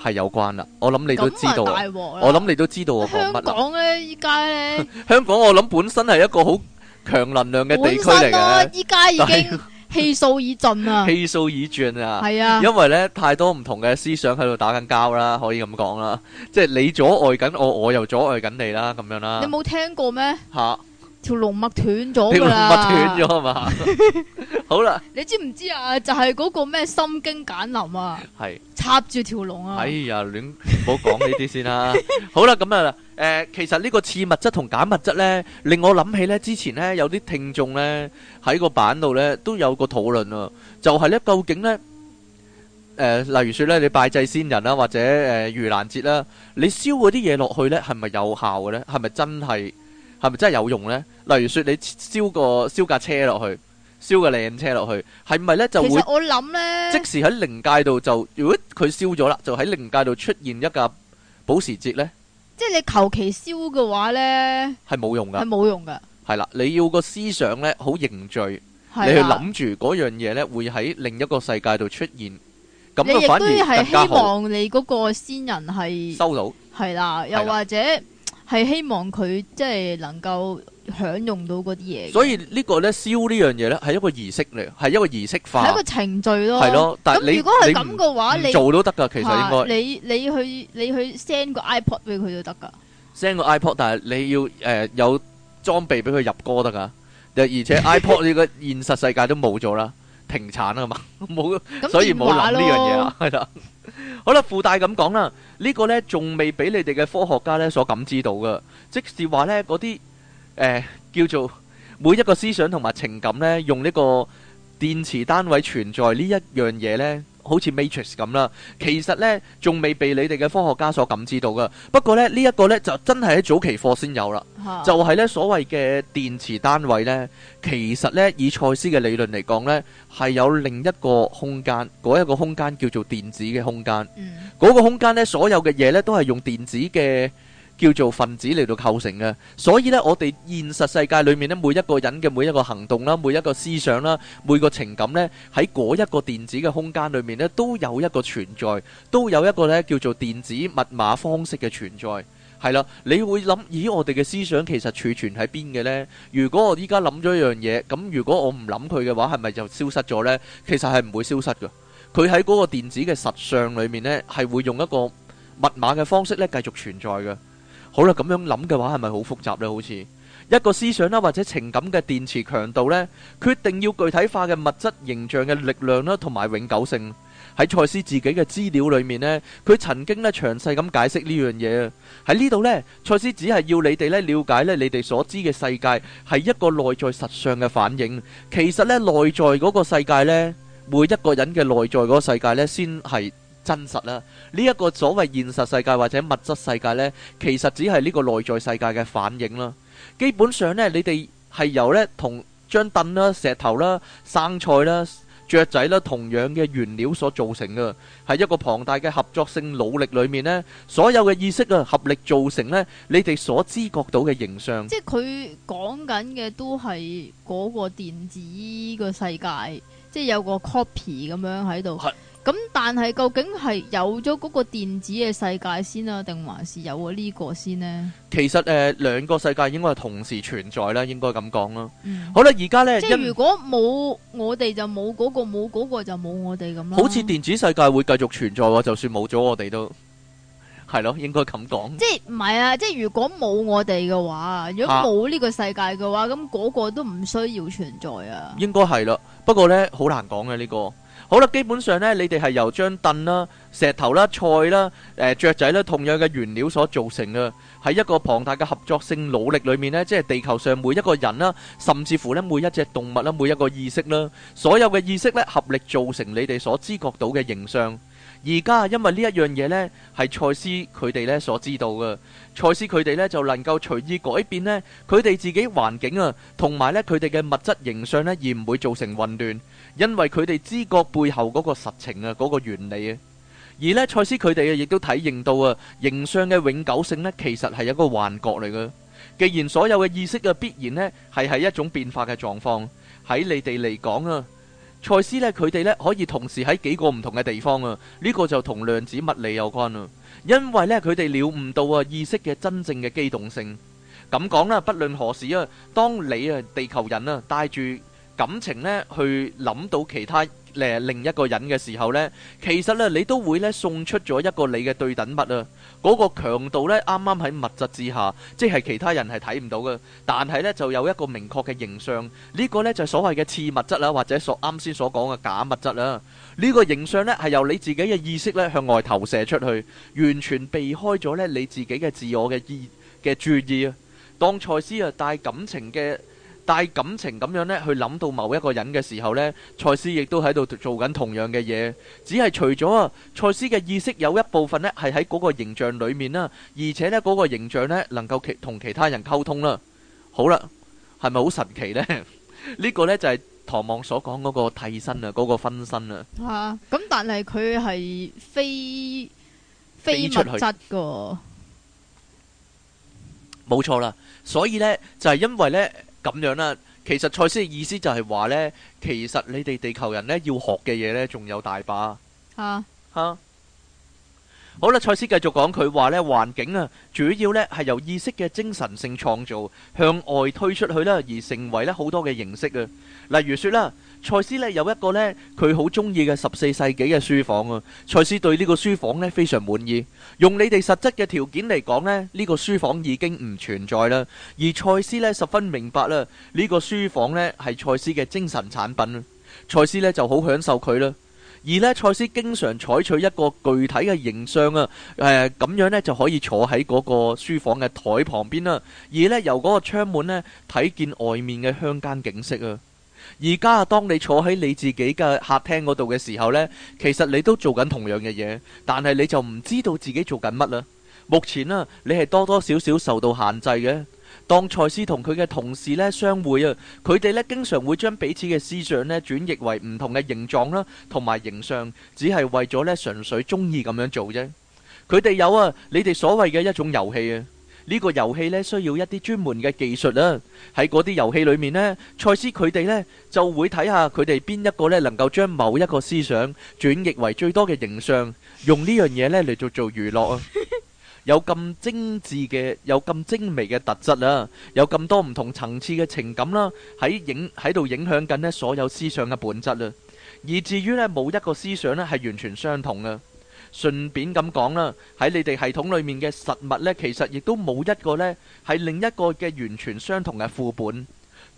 B: 係有關啦。我諗你都知道，我諗你都知道我講乜啦。香
A: 港呢依家呢，呢
B: 香港我諗本身係一個好強能量嘅地區嚟嘅。依
A: 家、啊、已經。是 氣數已盡啊！氣
B: 數已盡啊！係啊， 因為咧太多唔同嘅思想喺度打緊交啦，可以咁講啦，即係你阻礙緊我，我又阻礙緊你啦，咁樣啦。你
A: 冇聽過咩？吓、啊！條龍脈斷咗噶啦，條龍脈斷咗係嘛？好啦，你知唔知啊？就係嗰個咩心經簡林啊？係插住條龍啊！哎
B: 呀，亂唔好講呢啲先啦。好啦，咁啊，誒，其實呢個次物質同簡物質咧，令我諗起咧，之前咧有啲聽眾咧喺個板度咧都有個討論啊，就係咧究竟咧，誒，例如說咧，你拜祭先人啦，或者誒盂蘭節啦，你燒嗰啲嘢落去咧，係咪有效嘅咧？係咪真係？係咪真係有用咧？例如說你燒個燒架車落去，燒個靚車落去，係咪咧就會？其實我
A: 諗咧，即時喺
B: 靈界度就，如果佢燒咗啦，就喺靈界度出現一架保時捷咧。
A: 即係你求其燒嘅話咧，
B: 係冇用噶。係冇用噶。係啦，你要個思想咧好凝聚，
A: 你去諗
B: 住嗰樣嘢咧會喺另一個世界度出現。咁啊，反而更加好。希望
A: 你嗰個先人係收到，係啦，又或者。係希望佢即係能夠享用到嗰啲嘢。所以
B: 呢個咧燒呢樣嘢咧係一個儀式嚟，係一個儀式化，係一個
A: 程序咯。係咯，但係你如果係咁嘅話，你做都得噶，其實應該、啊。你你去你去 send 個 ipod 俾佢都得噶
B: ，send 個 ipod，但係你要誒、呃、有裝備俾佢入歌得噶，而且 ipod 呢個現實世界都冇咗啦。 停產啊嘛，冇 沒所以冇諗呢樣嘢啊。係啦。好啦，附帶咁講啦，呢個呢仲未俾你哋嘅科學家呢所感知到嘅，即是話呢嗰啲誒叫做每一個思想同埋情感呢，用呢個。電池單位存在呢一樣嘢呢，好似 Matrix 咁啦。其實呢，仲未被你哋嘅科學家所感知到㗎。不過呢，呢、這、一個呢，就真係喺早期課先有啦。啊、就係呢所謂嘅電池單位呢，其實呢，以賽斯嘅理論嚟講呢，係有另一個空間，嗰一個空間叫做電子嘅空間。嗰、嗯、個空間呢，所有嘅嘢呢，都係用電子嘅。叫做分子嚟到構成嘅，所以呢，我哋現實世界裏面呢，每一個人嘅每一個行動啦，每一個思想啦，每個情感呢，喺嗰一個電子嘅空間裏面呢，都有一個存在，都有一個呢叫做電子密碼方式嘅存在，係啦，你會諗咦？我哋嘅思想其實儲存喺邊嘅呢？如果我依家諗咗一樣嘢，咁如果我唔諗佢嘅話，係咪就消失咗呢？其實係唔會消失㗎，佢喺嗰個電子嘅實相裏面呢，係會用一個密碼嘅方式呢，繼續存在嘅。好啦，咁樣諗嘅話，係咪好複雜呢？好似一個思想啦，或者情感嘅電磁強度呢，決定要具體化嘅物質形象嘅力量啦，同埋永久性。喺賽斯自己嘅資料裏面呢，佢曾經呢詳細咁解釋呢樣嘢。喺呢度呢，賽斯只係要你哋呢了解呢，你哋所知嘅世界係一個內在實相嘅反應。其實呢，內在嗰個世界呢，每一個人嘅內在嗰個世界呢，先係。真實啦，呢一個所謂現實世界或者物質世界呢，其實只係呢個內在世界嘅反應啦。基本上呢，你哋係由呢同張凳啦、石頭啦、生菜啦、雀仔啦同樣嘅原料所造成嘅，喺一個龐大嘅合作性努力裏面呢，所有嘅意識啊，合力造成呢，你哋所知覺到嘅形象。即係
A: 佢講緊嘅都係嗰個電子個世界，即係有個 copy 咁樣喺度。咁但係究竟係有咗嗰個電子嘅世界先啊，定還是有咗呢個先呢？
B: 其實誒，兩、呃、個世界應該係同時存在啦，應該咁講啦。嗯、好啦，而家咧，即係是 因如
A: 果冇我哋就冇嗰、嗰個，冇嗰個就冇我哋咁咯。好似
B: 電子世界會繼續存在、啊，就算冇咗我哋都係咯，應該咁講。即係
A: 唔係啊？即係如果冇我哋嘅話，如果冇呢個世界嘅話，咁嗰、啊、個都唔需要存在啊。
B: 應該係啦，不過咧好難講嘅呢個。好啦，基本上呢，你哋係由張凳啦、石頭啦、菜啦、誒雀仔啦，同樣嘅原料所造成嘅，喺一個龐大嘅合作性努力裏面呢，即係地球上每一個人啦，甚至乎呢每一隻動物啦，每一個意識啦，所有嘅意識呢合力造成你哋所知覺到嘅形象。而家因為呢一樣嘢呢，係賽斯佢哋呢所知道嘅，賽斯佢哋呢就能夠隨意改變呢佢哋自己環境啊，同埋呢佢哋嘅物質形象呢，而唔會造成混亂。因為佢哋知覺背後嗰個實情啊，嗰個原理啊，而呢賽斯佢哋啊，亦都體認到啊，形相嘅永久性呢，其實係一個幻覺嚟嘅。既然所有嘅意識啊，必然呢係喺一種變化嘅狀況，喺你哋嚟講啊，賽斯呢佢哋呢可以同時喺幾個唔同嘅地方啊，呢個就同量子物理有關啦。因為呢佢哋了悟到啊，意識嘅真正嘅機動性。咁講啦，不論何時啊，當你啊，地球人啊，帶住。感情呢，去諗到其他誒，另一個人嘅時候呢，其實呢，你都會呢送出咗一個你嘅對等物啊。嗰、那個強度呢，啱啱喺物質之下，即係其他人係睇唔到嘅。但係呢，就有一個明確嘅形象。呢、這個呢，就所謂嘅次物質啦，或者所啱先所講嘅假物質啦。呢、這個形象呢，係由你自己嘅意識呢向外投射出去，完全避開咗呢，你自己嘅自我嘅意嘅注意啊。當賽斯啊帶感情嘅。帶感情咁樣咧，去諗到某一個人嘅時候咧，賽斯亦都喺度做緊同樣嘅嘢，只係除咗啊，賽斯嘅意識有一部分咧係喺嗰個形象裏面啦，而且咧嗰個形象咧能夠其同其他人溝通啦。好啦，係咪好神奇咧？呢個咧就係唐望所講嗰個替身啊，嗰個分身啊。嚇！
A: 咁但係佢係非非物質嘅。
B: 冇錯啦，所以咧就係因為咧。咁樣啦，其實賽斯嘅意思就係話呢，其實你哋地球人呢要學嘅嘢呢仲有大把。吓吓、啊啊，好啦，賽斯繼續講，佢話呢環境啊，主要呢係由意識嘅精神性創造向外推出去啦，而成為呢好多嘅形式啊，例如說啦。賽斯咧有一個咧，佢好中意嘅十四世紀嘅書房啊！賽斯對呢個書房咧非常滿意。用你哋實質嘅條件嚟講咧，呢、這個書房已經唔存在啦。而賽斯咧十分明白啦，呢、這個書房咧係賽斯嘅精神產品。賽斯咧就好享受佢啦。而咧賽斯經常採取一個具體嘅形象啊，誒、呃、咁樣咧就可以坐喺嗰個書房嘅台旁邊啦，而咧由嗰個窗門咧睇見外面嘅鄉間景色啊。而家啊，當你坐喺你自己嘅客廳嗰度嘅時候呢，其實你都做緊同樣嘅嘢，但係你就唔知道自己做緊乜啦。目前啊，你係多多少少受到限制嘅。當賽斯同佢嘅同事呢相會啊，佢哋呢經常會將彼此嘅思想呢轉譯為唔同嘅形狀啦，同埋形象，只係為咗呢純粹中意咁樣做啫。佢哋有啊，你哋所謂嘅一種遊戲啊。個遊戲呢個遊戲咧需要一啲專門嘅技術啦、啊，喺嗰啲遊戲裏面咧，賽斯佢哋咧就會睇下佢哋邊一個咧能夠將某一個思想轉譯為最多嘅形象，用呢樣嘢咧嚟做做娛樂啊， 啊！有咁精緻嘅，有咁精微嘅特質啦，有咁多唔同層次嘅情感啦、啊，喺影喺度影響緊咧所有思想嘅本質啦、啊，而至於咧冇一個思想咧係完全相同啊！順便咁講啦，喺你哋系統裡面嘅實物呢，其實亦都冇一個呢係另一個嘅完全相同嘅副本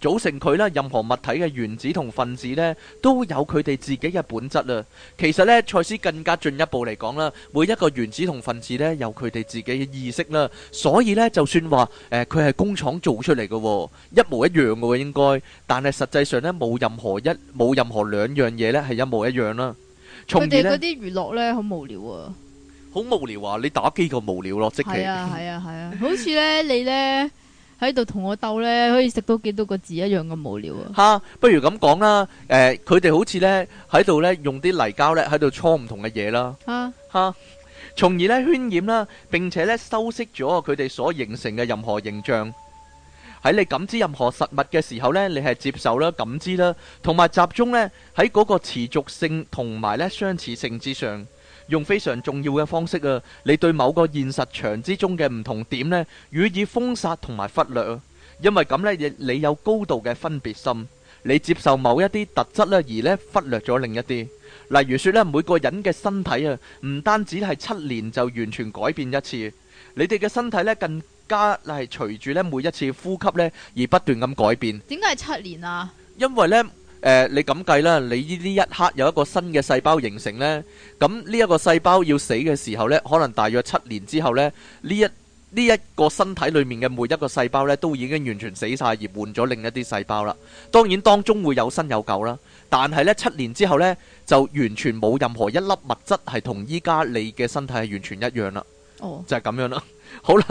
B: 組成佢啦。任何物體嘅原子同分子呢，都有佢哋自己嘅本質啊。其實呢，賽斯更加進一步嚟講啦，每一個原子同分子呢，有佢哋自己嘅意識啦。所以呢，就算話誒佢係工廠做出嚟嘅喎，一模一樣嘅喎應該，但係實際上呢，冇任何一冇任何兩樣嘢呢，係一模一樣啦。佢哋嗰啲
A: 娛樂咧，好無聊
B: 啊！好無聊啊！你打機個無聊咯，即係。係啊，
A: 係啊，係啊！ 好似咧，你咧喺度同我鬥咧，可以食到幾多個字一樣咁無聊
B: 啊！吓，不如咁講、呃、啦，誒哈，佢哋好似咧喺度咧用啲泥膠咧喺度搓唔同嘅嘢啦，吓，從而咧渲染啦，並且咧修飾咗佢哋所形成嘅任何形象。喺你感知任何實物嘅時候咧，你係接受啦、感知啦，同埋集中咧喺嗰個持續性同埋咧相似性之上，用非常重要嘅方式啊，你對某個現實場之中嘅唔同點咧，予以封殺同埋忽略，因為咁咧，亦你有高度嘅分別心，你接受某一啲特質咧，而咧忽略咗另一啲，例如說咧，每個人嘅身體啊，唔單止係七年就完全改變一次。你哋嘅身體咧更加係隨住咧每一次呼吸咧而不斷咁改變。
A: 點解係七年啊？
B: 因為咧，誒，你咁計啦，你呢呢一刻有一個新嘅細胞形成咧，咁呢一個細胞要死嘅時候咧，可能大約七年之後咧，呢一呢一個身體裡面嘅每一個細胞咧都已經完全死晒而換咗另一啲細胞啦。當然當中會有新有舊啦，但係咧七年之後咧就完全冇任何一粒物質係同依家你嘅身體係完全一樣啦。就係咁樣啦，好啦，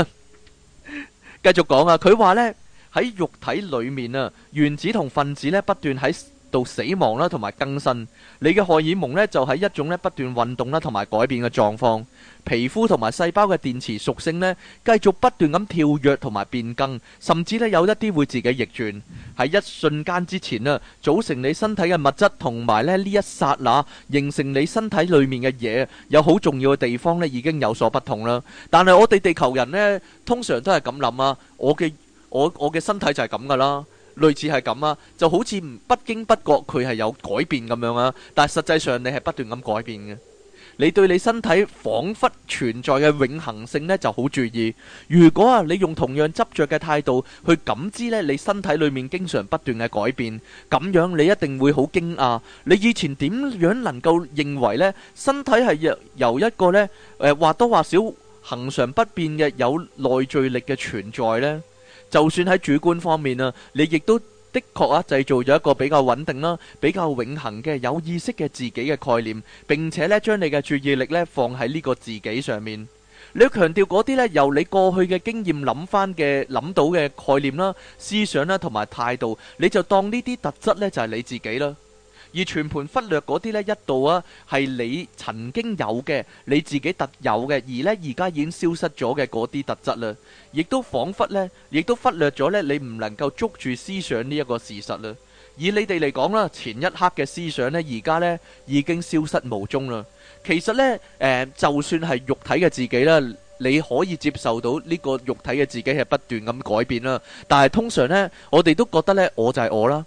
B: 繼 續講啊，佢話呢，喺肉體裏面啊，原子同分子呢，不斷喺，到死亡啦，同埋更新，你嘅荷爾蒙呢，就係一種咧不斷運動啦，同埋改變嘅狀況。皮膚同埋細胞嘅電磁屬性呢，繼續不斷咁跳躍同埋變更，甚至呢，有一啲會自己逆轉。喺一瞬間之前呢，組成你身體嘅物質同埋咧呢一剎那形成你身體裡面嘅嘢，有好重要嘅地方呢，已經有所不同啦。但係我哋地球人呢，通常都係咁諗啊，我嘅我我嘅身體就係咁噶啦。類似係咁啊，就好似不經不覺佢係有改變咁樣啊，但係實際上你係不斷咁改變嘅。你對你身體仿佛存在嘅永恆性咧就好注意。如果啊，你用同樣執着嘅態度去感知咧，你身體裏面經常不斷嘅改變，咁樣你一定會好驚訝。你以前點樣能夠認為咧，身體係由由一個咧誒或多或少恆常不變嘅有內聚力嘅存在咧？就算喺主觀方面啊，你亦都的確啊，製造咗一個比較穩定啦、比較永恆嘅有意識嘅自己嘅概念，並且咧將你嘅注意力咧放喺呢個自己上面。你要強調嗰啲咧由你過去嘅經驗諗翻嘅、諗到嘅概念啦、思想啦同埋態度，你就當呢啲特質咧就係你自己啦。而全盤忽略嗰啲呢，一度啊，係你曾經有嘅，你自己特有嘅，而呢而家已經消失咗嘅嗰啲特質啦，亦都彷彿呢，亦都忽略咗呢，你唔能夠捉住思想呢一個事實啦。以你哋嚟講啦，前一刻嘅思想呢，而家呢已經消失無蹤啦。其實呢，誒，就算係肉體嘅自己啦，你可以接受到呢個肉體嘅自己係不斷咁改變啦，但係通常呢，我哋都覺得呢，我就係我啦。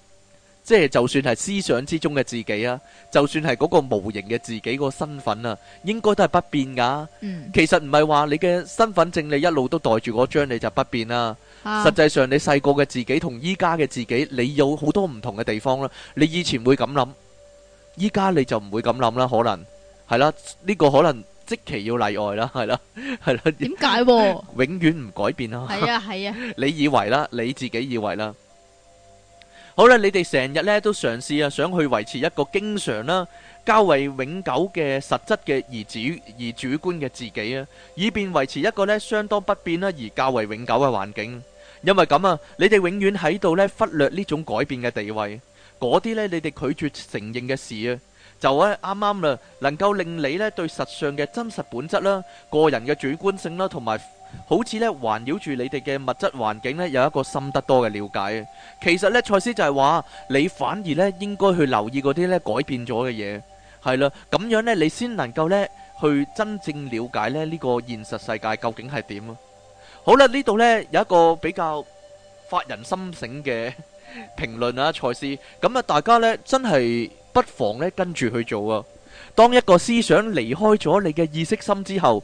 B: 即係就算係思想之中嘅自己啊，就算係嗰個模型嘅自己個身份啊，應該都係不變噶、啊。嗯、其實唔係話你嘅身份證你一路都袋住嗰張你就不變啦。啊、實際上你細個嘅自己同依家嘅自己，你有好多唔同嘅地方啦。你以前會咁諗，依家你就唔會咁諗啦。可能係啦，呢、呢個可能即期要例外啦，係啦，係啦。點解？ 永遠唔改變啊！係啊係啊！ 你以為啦，你自己以為啦。好啦，你哋成日咧都嘗試啊，想去維持一個經常啦、較為永久嘅實質嘅而主而主觀嘅自己啊，以便維持一個呢相當不變啦而較為永久嘅環境。因為咁啊，你哋永遠喺度呢忽略呢種改變嘅地位，嗰啲呢，你哋拒絕承認嘅事啊，就咧啱啱啦，能夠令你呢對實相嘅真實本質啦、個人嘅主觀性啦同埋。好似呢，環繞住你哋嘅物質環境呢，有一個深得多嘅了解。其實呢，賽斯就係話你反而呢應該去留意嗰啲呢改變咗嘅嘢，係啦，咁樣呢，你先能夠呢去真正了解咧呢、呢個現實世界究竟係點啊！好啦，呢度呢有一個比較發人心醒嘅評論啊，賽斯，咁、嗯、啊，大家呢真係不妨呢跟住去做啊！當一個思想離開咗你嘅意識心之後。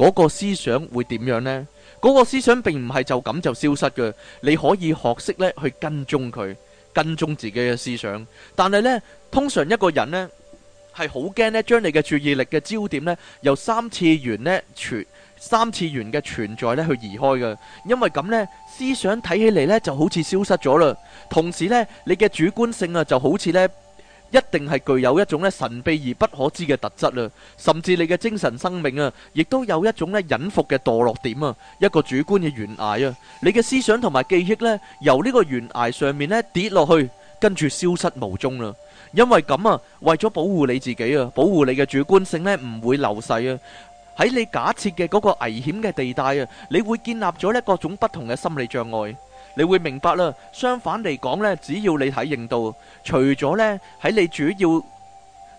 B: 嗰個思想會點樣呢？嗰個思想並唔係就咁就消失嘅，你可以學識咧去跟蹤佢，跟蹤自己嘅思想。但係呢，通常一個人呢係好驚呢將你嘅注意力嘅焦點呢由三次元呢存三次元嘅存在呢去移開嘅，因為咁呢，思想睇起嚟呢就好似消失咗啦。同時呢，你嘅主觀性啊就好似呢。一定係具有一種咧神秘而不可知嘅特質啦、啊，甚至你嘅精神生命啊，亦都有一種咧隱伏嘅墮落點啊，一個主觀嘅懸崖啊，你嘅思想同埋記憶咧，由呢個懸崖上面咧跌落去，跟住消失無蹤啦、啊。因為咁啊，為咗保護你自己啊，保護你嘅主觀性咧，唔會流逝啊，喺你假設嘅嗰個危險嘅地帶啊，你會建立咗咧各種不同嘅心理障礙。你會明白啦。相反嚟講呢，只要你睇認到，除咗呢喺你主要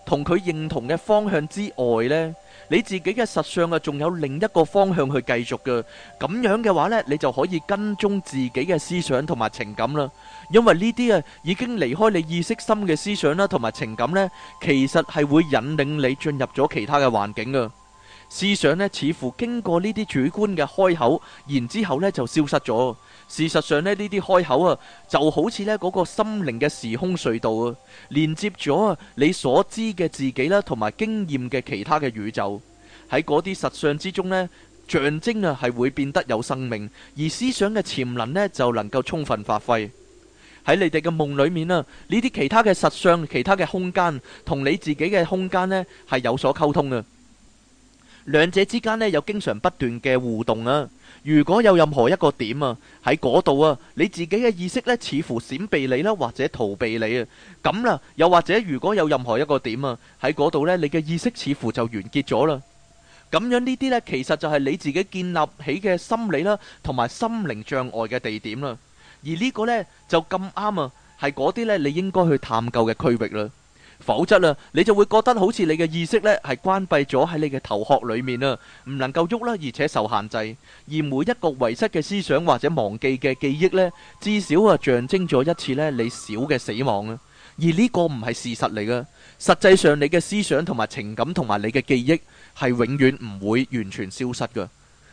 B: 同佢認同嘅方向之外呢，你自己嘅實相啊，仲有另一個方向去繼續嘅。咁樣嘅話呢，你就可以跟蹤自己嘅思想同埋情感啦。因為呢啲啊，已經離開你意識心嘅思想啦，同埋情感呢，其實係會引領你進入咗其他嘅環境嘅。思想呢似乎經過呢啲主觀嘅開口，然之後呢就消失咗。事實上咧，呢啲開口啊，就好似呢嗰個心靈嘅時空隧道啊，連接咗啊你所知嘅自己啦，同埋經驗嘅其他嘅宇宙。喺嗰啲實相之中呢，象徵啊係會變得有生命，而思想嘅潛能呢，就能夠充分發揮。喺你哋嘅夢裏面啊，呢啲其他嘅實相、其他嘅空間，同你自己嘅空間呢，係有所溝通嘅。兩者之間咧，有經常不斷嘅互動啦。如果有任何一個點啊喺嗰度啊，你自己嘅意識咧，似乎閃避你啦，或者逃避你啊，咁啦，又或者如果有任何一個點啊喺嗰度咧，你嘅意識似乎就完結咗啦。咁樣呢啲咧，其實就係你自己建立起嘅心理啦，同埋心靈障礙嘅地點啦。而呢個呢，就咁啱啊，係嗰啲咧你應該去探究嘅區域啦。否則啦，你就會覺得好似你嘅意識咧係關閉咗喺你嘅頭殼裡面啊，唔能夠喐啦，而且受限制。而每一個遺失嘅思想或者忘記嘅記憶咧，至少啊象徵咗一次咧你小嘅死亡啊。而呢個唔係事實嚟噶，實際上你嘅思想同埋情感同埋你嘅記憶係永遠唔會完全消失噶。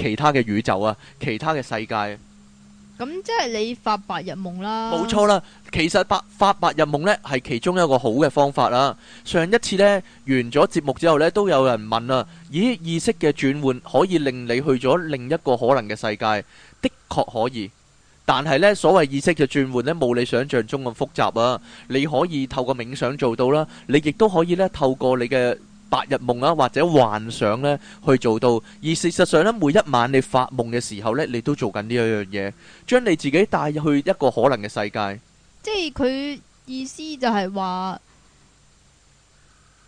B: 其他嘅宇宙啊，其他嘅世界，
A: 咁、嗯、即係你發白日夢啦，冇錯
B: 啦。其實白發白日夢呢係其中一個好嘅方法啦。上一次呢，完咗節目之後呢，都有人問啊，咦，意識嘅轉換可以令你去咗另一個可能嘅世界？的確可以，但係呢，所謂意識嘅轉換呢，冇你想象中咁複雜啊。你可以透過冥想做到啦，你亦都可以呢，透過你嘅。白日夢啦，或者幻想呢，去做到。而事實上呢，每一晚你發夢嘅時候呢，你都做緊呢一樣嘢，將你自己帶入去一個可能嘅世界。
A: 即係佢意思就係話，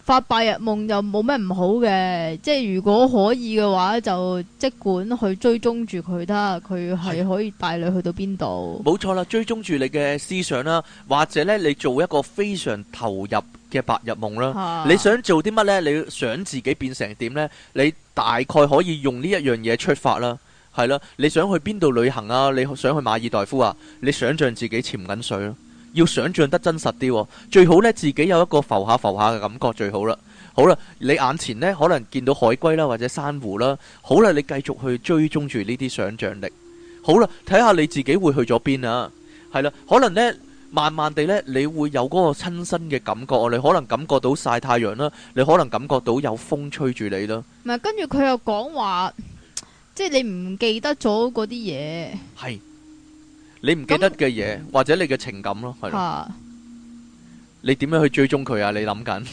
A: 發白日夢又冇咩唔好嘅。即係如果可以嘅話，就即管去追蹤住佢。得佢係可以帶你去到邊度？
B: 冇錯啦，追蹤住你嘅思想啦，或者呢，你做一個非常投入。嘅白日夢啦，啊、你想做啲乜呢？你想自己變成點呢？你大概可以用呢一樣嘢出發啦，係咯？你想去邊度旅行啊？你想去馬爾代夫啊？你想象自己潛緊水咯、啊，要想象得真實啲、啊，最好呢，自己有一個浮下浮下嘅感覺最好啦。好啦，你眼前呢，可能見到海龜啦，或者珊瑚啦。好啦，你繼續去追蹤住呢啲想像力。好啦，睇下你自己會去咗邊啊？係啦，可能呢。慢慢地咧，你會有嗰個親身嘅感覺哦。你可能感覺到曬太陽啦，你可能感覺到有風吹住你啦。
A: 唔係，跟住佢又講話，即係你唔記得咗嗰啲嘢，
B: 係你唔記得嘅嘢，或者你嘅情感咯，係。吓，你點樣去追蹤佢啊？你諗緊？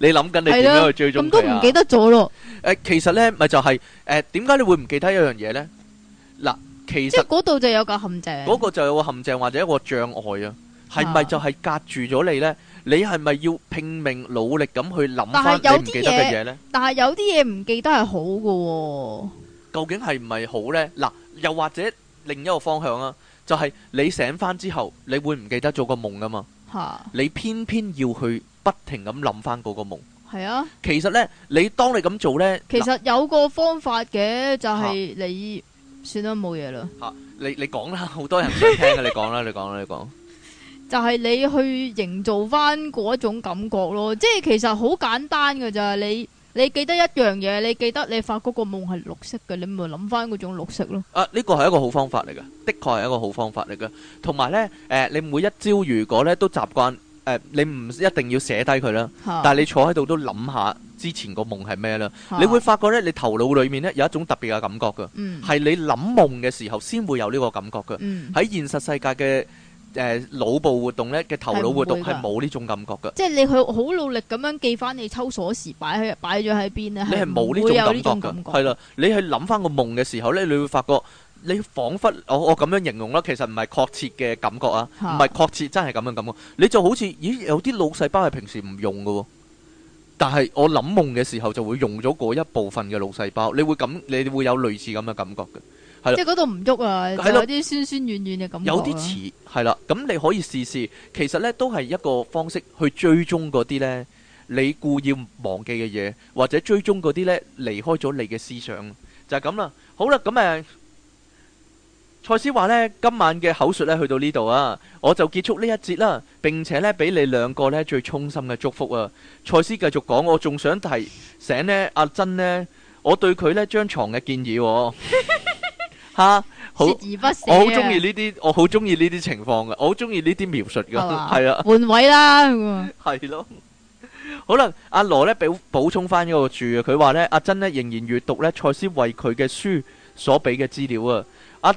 B: 你諗緊你點樣去追蹤佢啊？咁都唔記得咗咯。誒，其實咧，咪就係誒，點解你會唔記得一樣嘢咧？嗱。其實
A: 嗰度就有個陷阱，嗰個
B: 就有個陷阱或者一個障礙啊，係咪就係隔住咗你咧？你係咪要拼命努力咁去諗翻你唔記得嘅嘢咧？
A: 但係有啲嘢唔記得係好㗎，
B: 究竟係唔係好咧？嗱，又或者另一個方向啊，就係你醒翻之後，你會唔記得做個夢啊嘛？
A: 吓，
B: 你偏偏要去不停咁諗翻嗰個夢，係啊。其實咧，你當你咁做咧，其實
A: 有個方法嘅，就係你。算啦，冇嘢啦。
B: 吓、啊，你你講啦，好多人想聽噶， 你講啦，你講啦，你講。
A: 就係你去營造翻嗰一種感覺咯，即係其實好簡單噶咋，你你記得一樣嘢，你記得你發嗰個夢係綠色嘅，你咪諗翻嗰種綠色咯。
B: 啊，呢個係一個好方法嚟噶，的確係一個好方法嚟噶。同埋咧，誒、呃，你每一朝如果咧都習慣，誒、呃，你唔一定要寫低佢啦，但係你坐喺度都諗下。之前個夢係咩咧？啊、你會發覺咧，你頭腦裏面咧有一種特別嘅感覺嘅，係、嗯、你諗夢嘅時候先會有呢個感覺嘅。喺、嗯、現實世界嘅誒腦部活動咧嘅頭腦活動係冇呢種感覺嘅。即係
A: 你去好努力咁樣記翻你抽鎖匙擺喺擺咗喺邊啊？你係冇呢種感覺嘅，係啦。
B: 你去諗翻個夢嘅時候咧，你會發覺你彷彿，我我咁樣形容啦，其實唔係確切嘅感覺啊，唔係確切真係咁樣咁嘅。啊、你就好似咦有啲腦細胞係平時唔用嘅喎。但係我諗夢嘅時候就會用咗嗰一部分嘅腦細胞，你會咁，你會有類似咁嘅感覺嘅，係即係嗰
A: 度唔喐啊，的就有啲酸酸軟軟嘅感覺。有啲似
B: 係啦，咁你可以試試，其實呢都係一個方式去追蹤嗰啲呢你故意忘記嘅嘢，或者追蹤嗰啲呢離開咗你嘅思想，就係咁啦。好啦，咁、嗯、誒。嗯嗯賽斯話呢，今晚嘅口述呢，去到呢度啊，我就結束呢一節啦，並且呢俾你兩個呢最衷心嘅祝福啊！賽斯繼續講，我仲想提醒呢阿珍呢，我對佢呢張床嘅建議，啊，吓、 啊、好，
A: 我好中意呢
B: 啲，我好中意呢啲情況嘅，我好中意呢啲描述嘅，係啊 吧，換 位啦，係 咯、 嗯，好啦，阿羅呢補補充翻一個注啊，佢話呢，阿珍呢仍然閱讀呢賽斯為佢嘅書所俾嘅資料啊，阿、啊。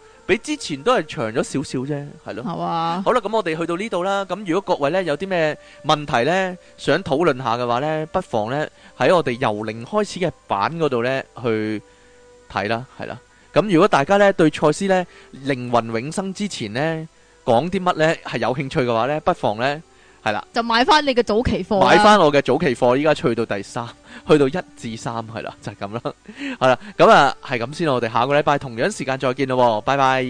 B: 比之前都係長咗少少啫，係咯， 好啦，咁我哋去到呢度啦。咁如果各位呢有啲咩問題呢，想討論下嘅話呢，不妨呢喺我哋由零開始嘅版嗰度呢去睇啦，係啦。咁如果大家呢對賽斯呢靈魂永生之前呢講啲乜呢係有興趣嘅話呢，不妨呢係啦，
A: 就買翻你嘅早期貨，啊，買翻
B: 我嘅早期貨，依家脆到第三。去到一至三係啦，就係咁啦，好 啦， 咁啊
A: 係咁先啦，我哋下個禮拜同樣時間再見咯，拜拜。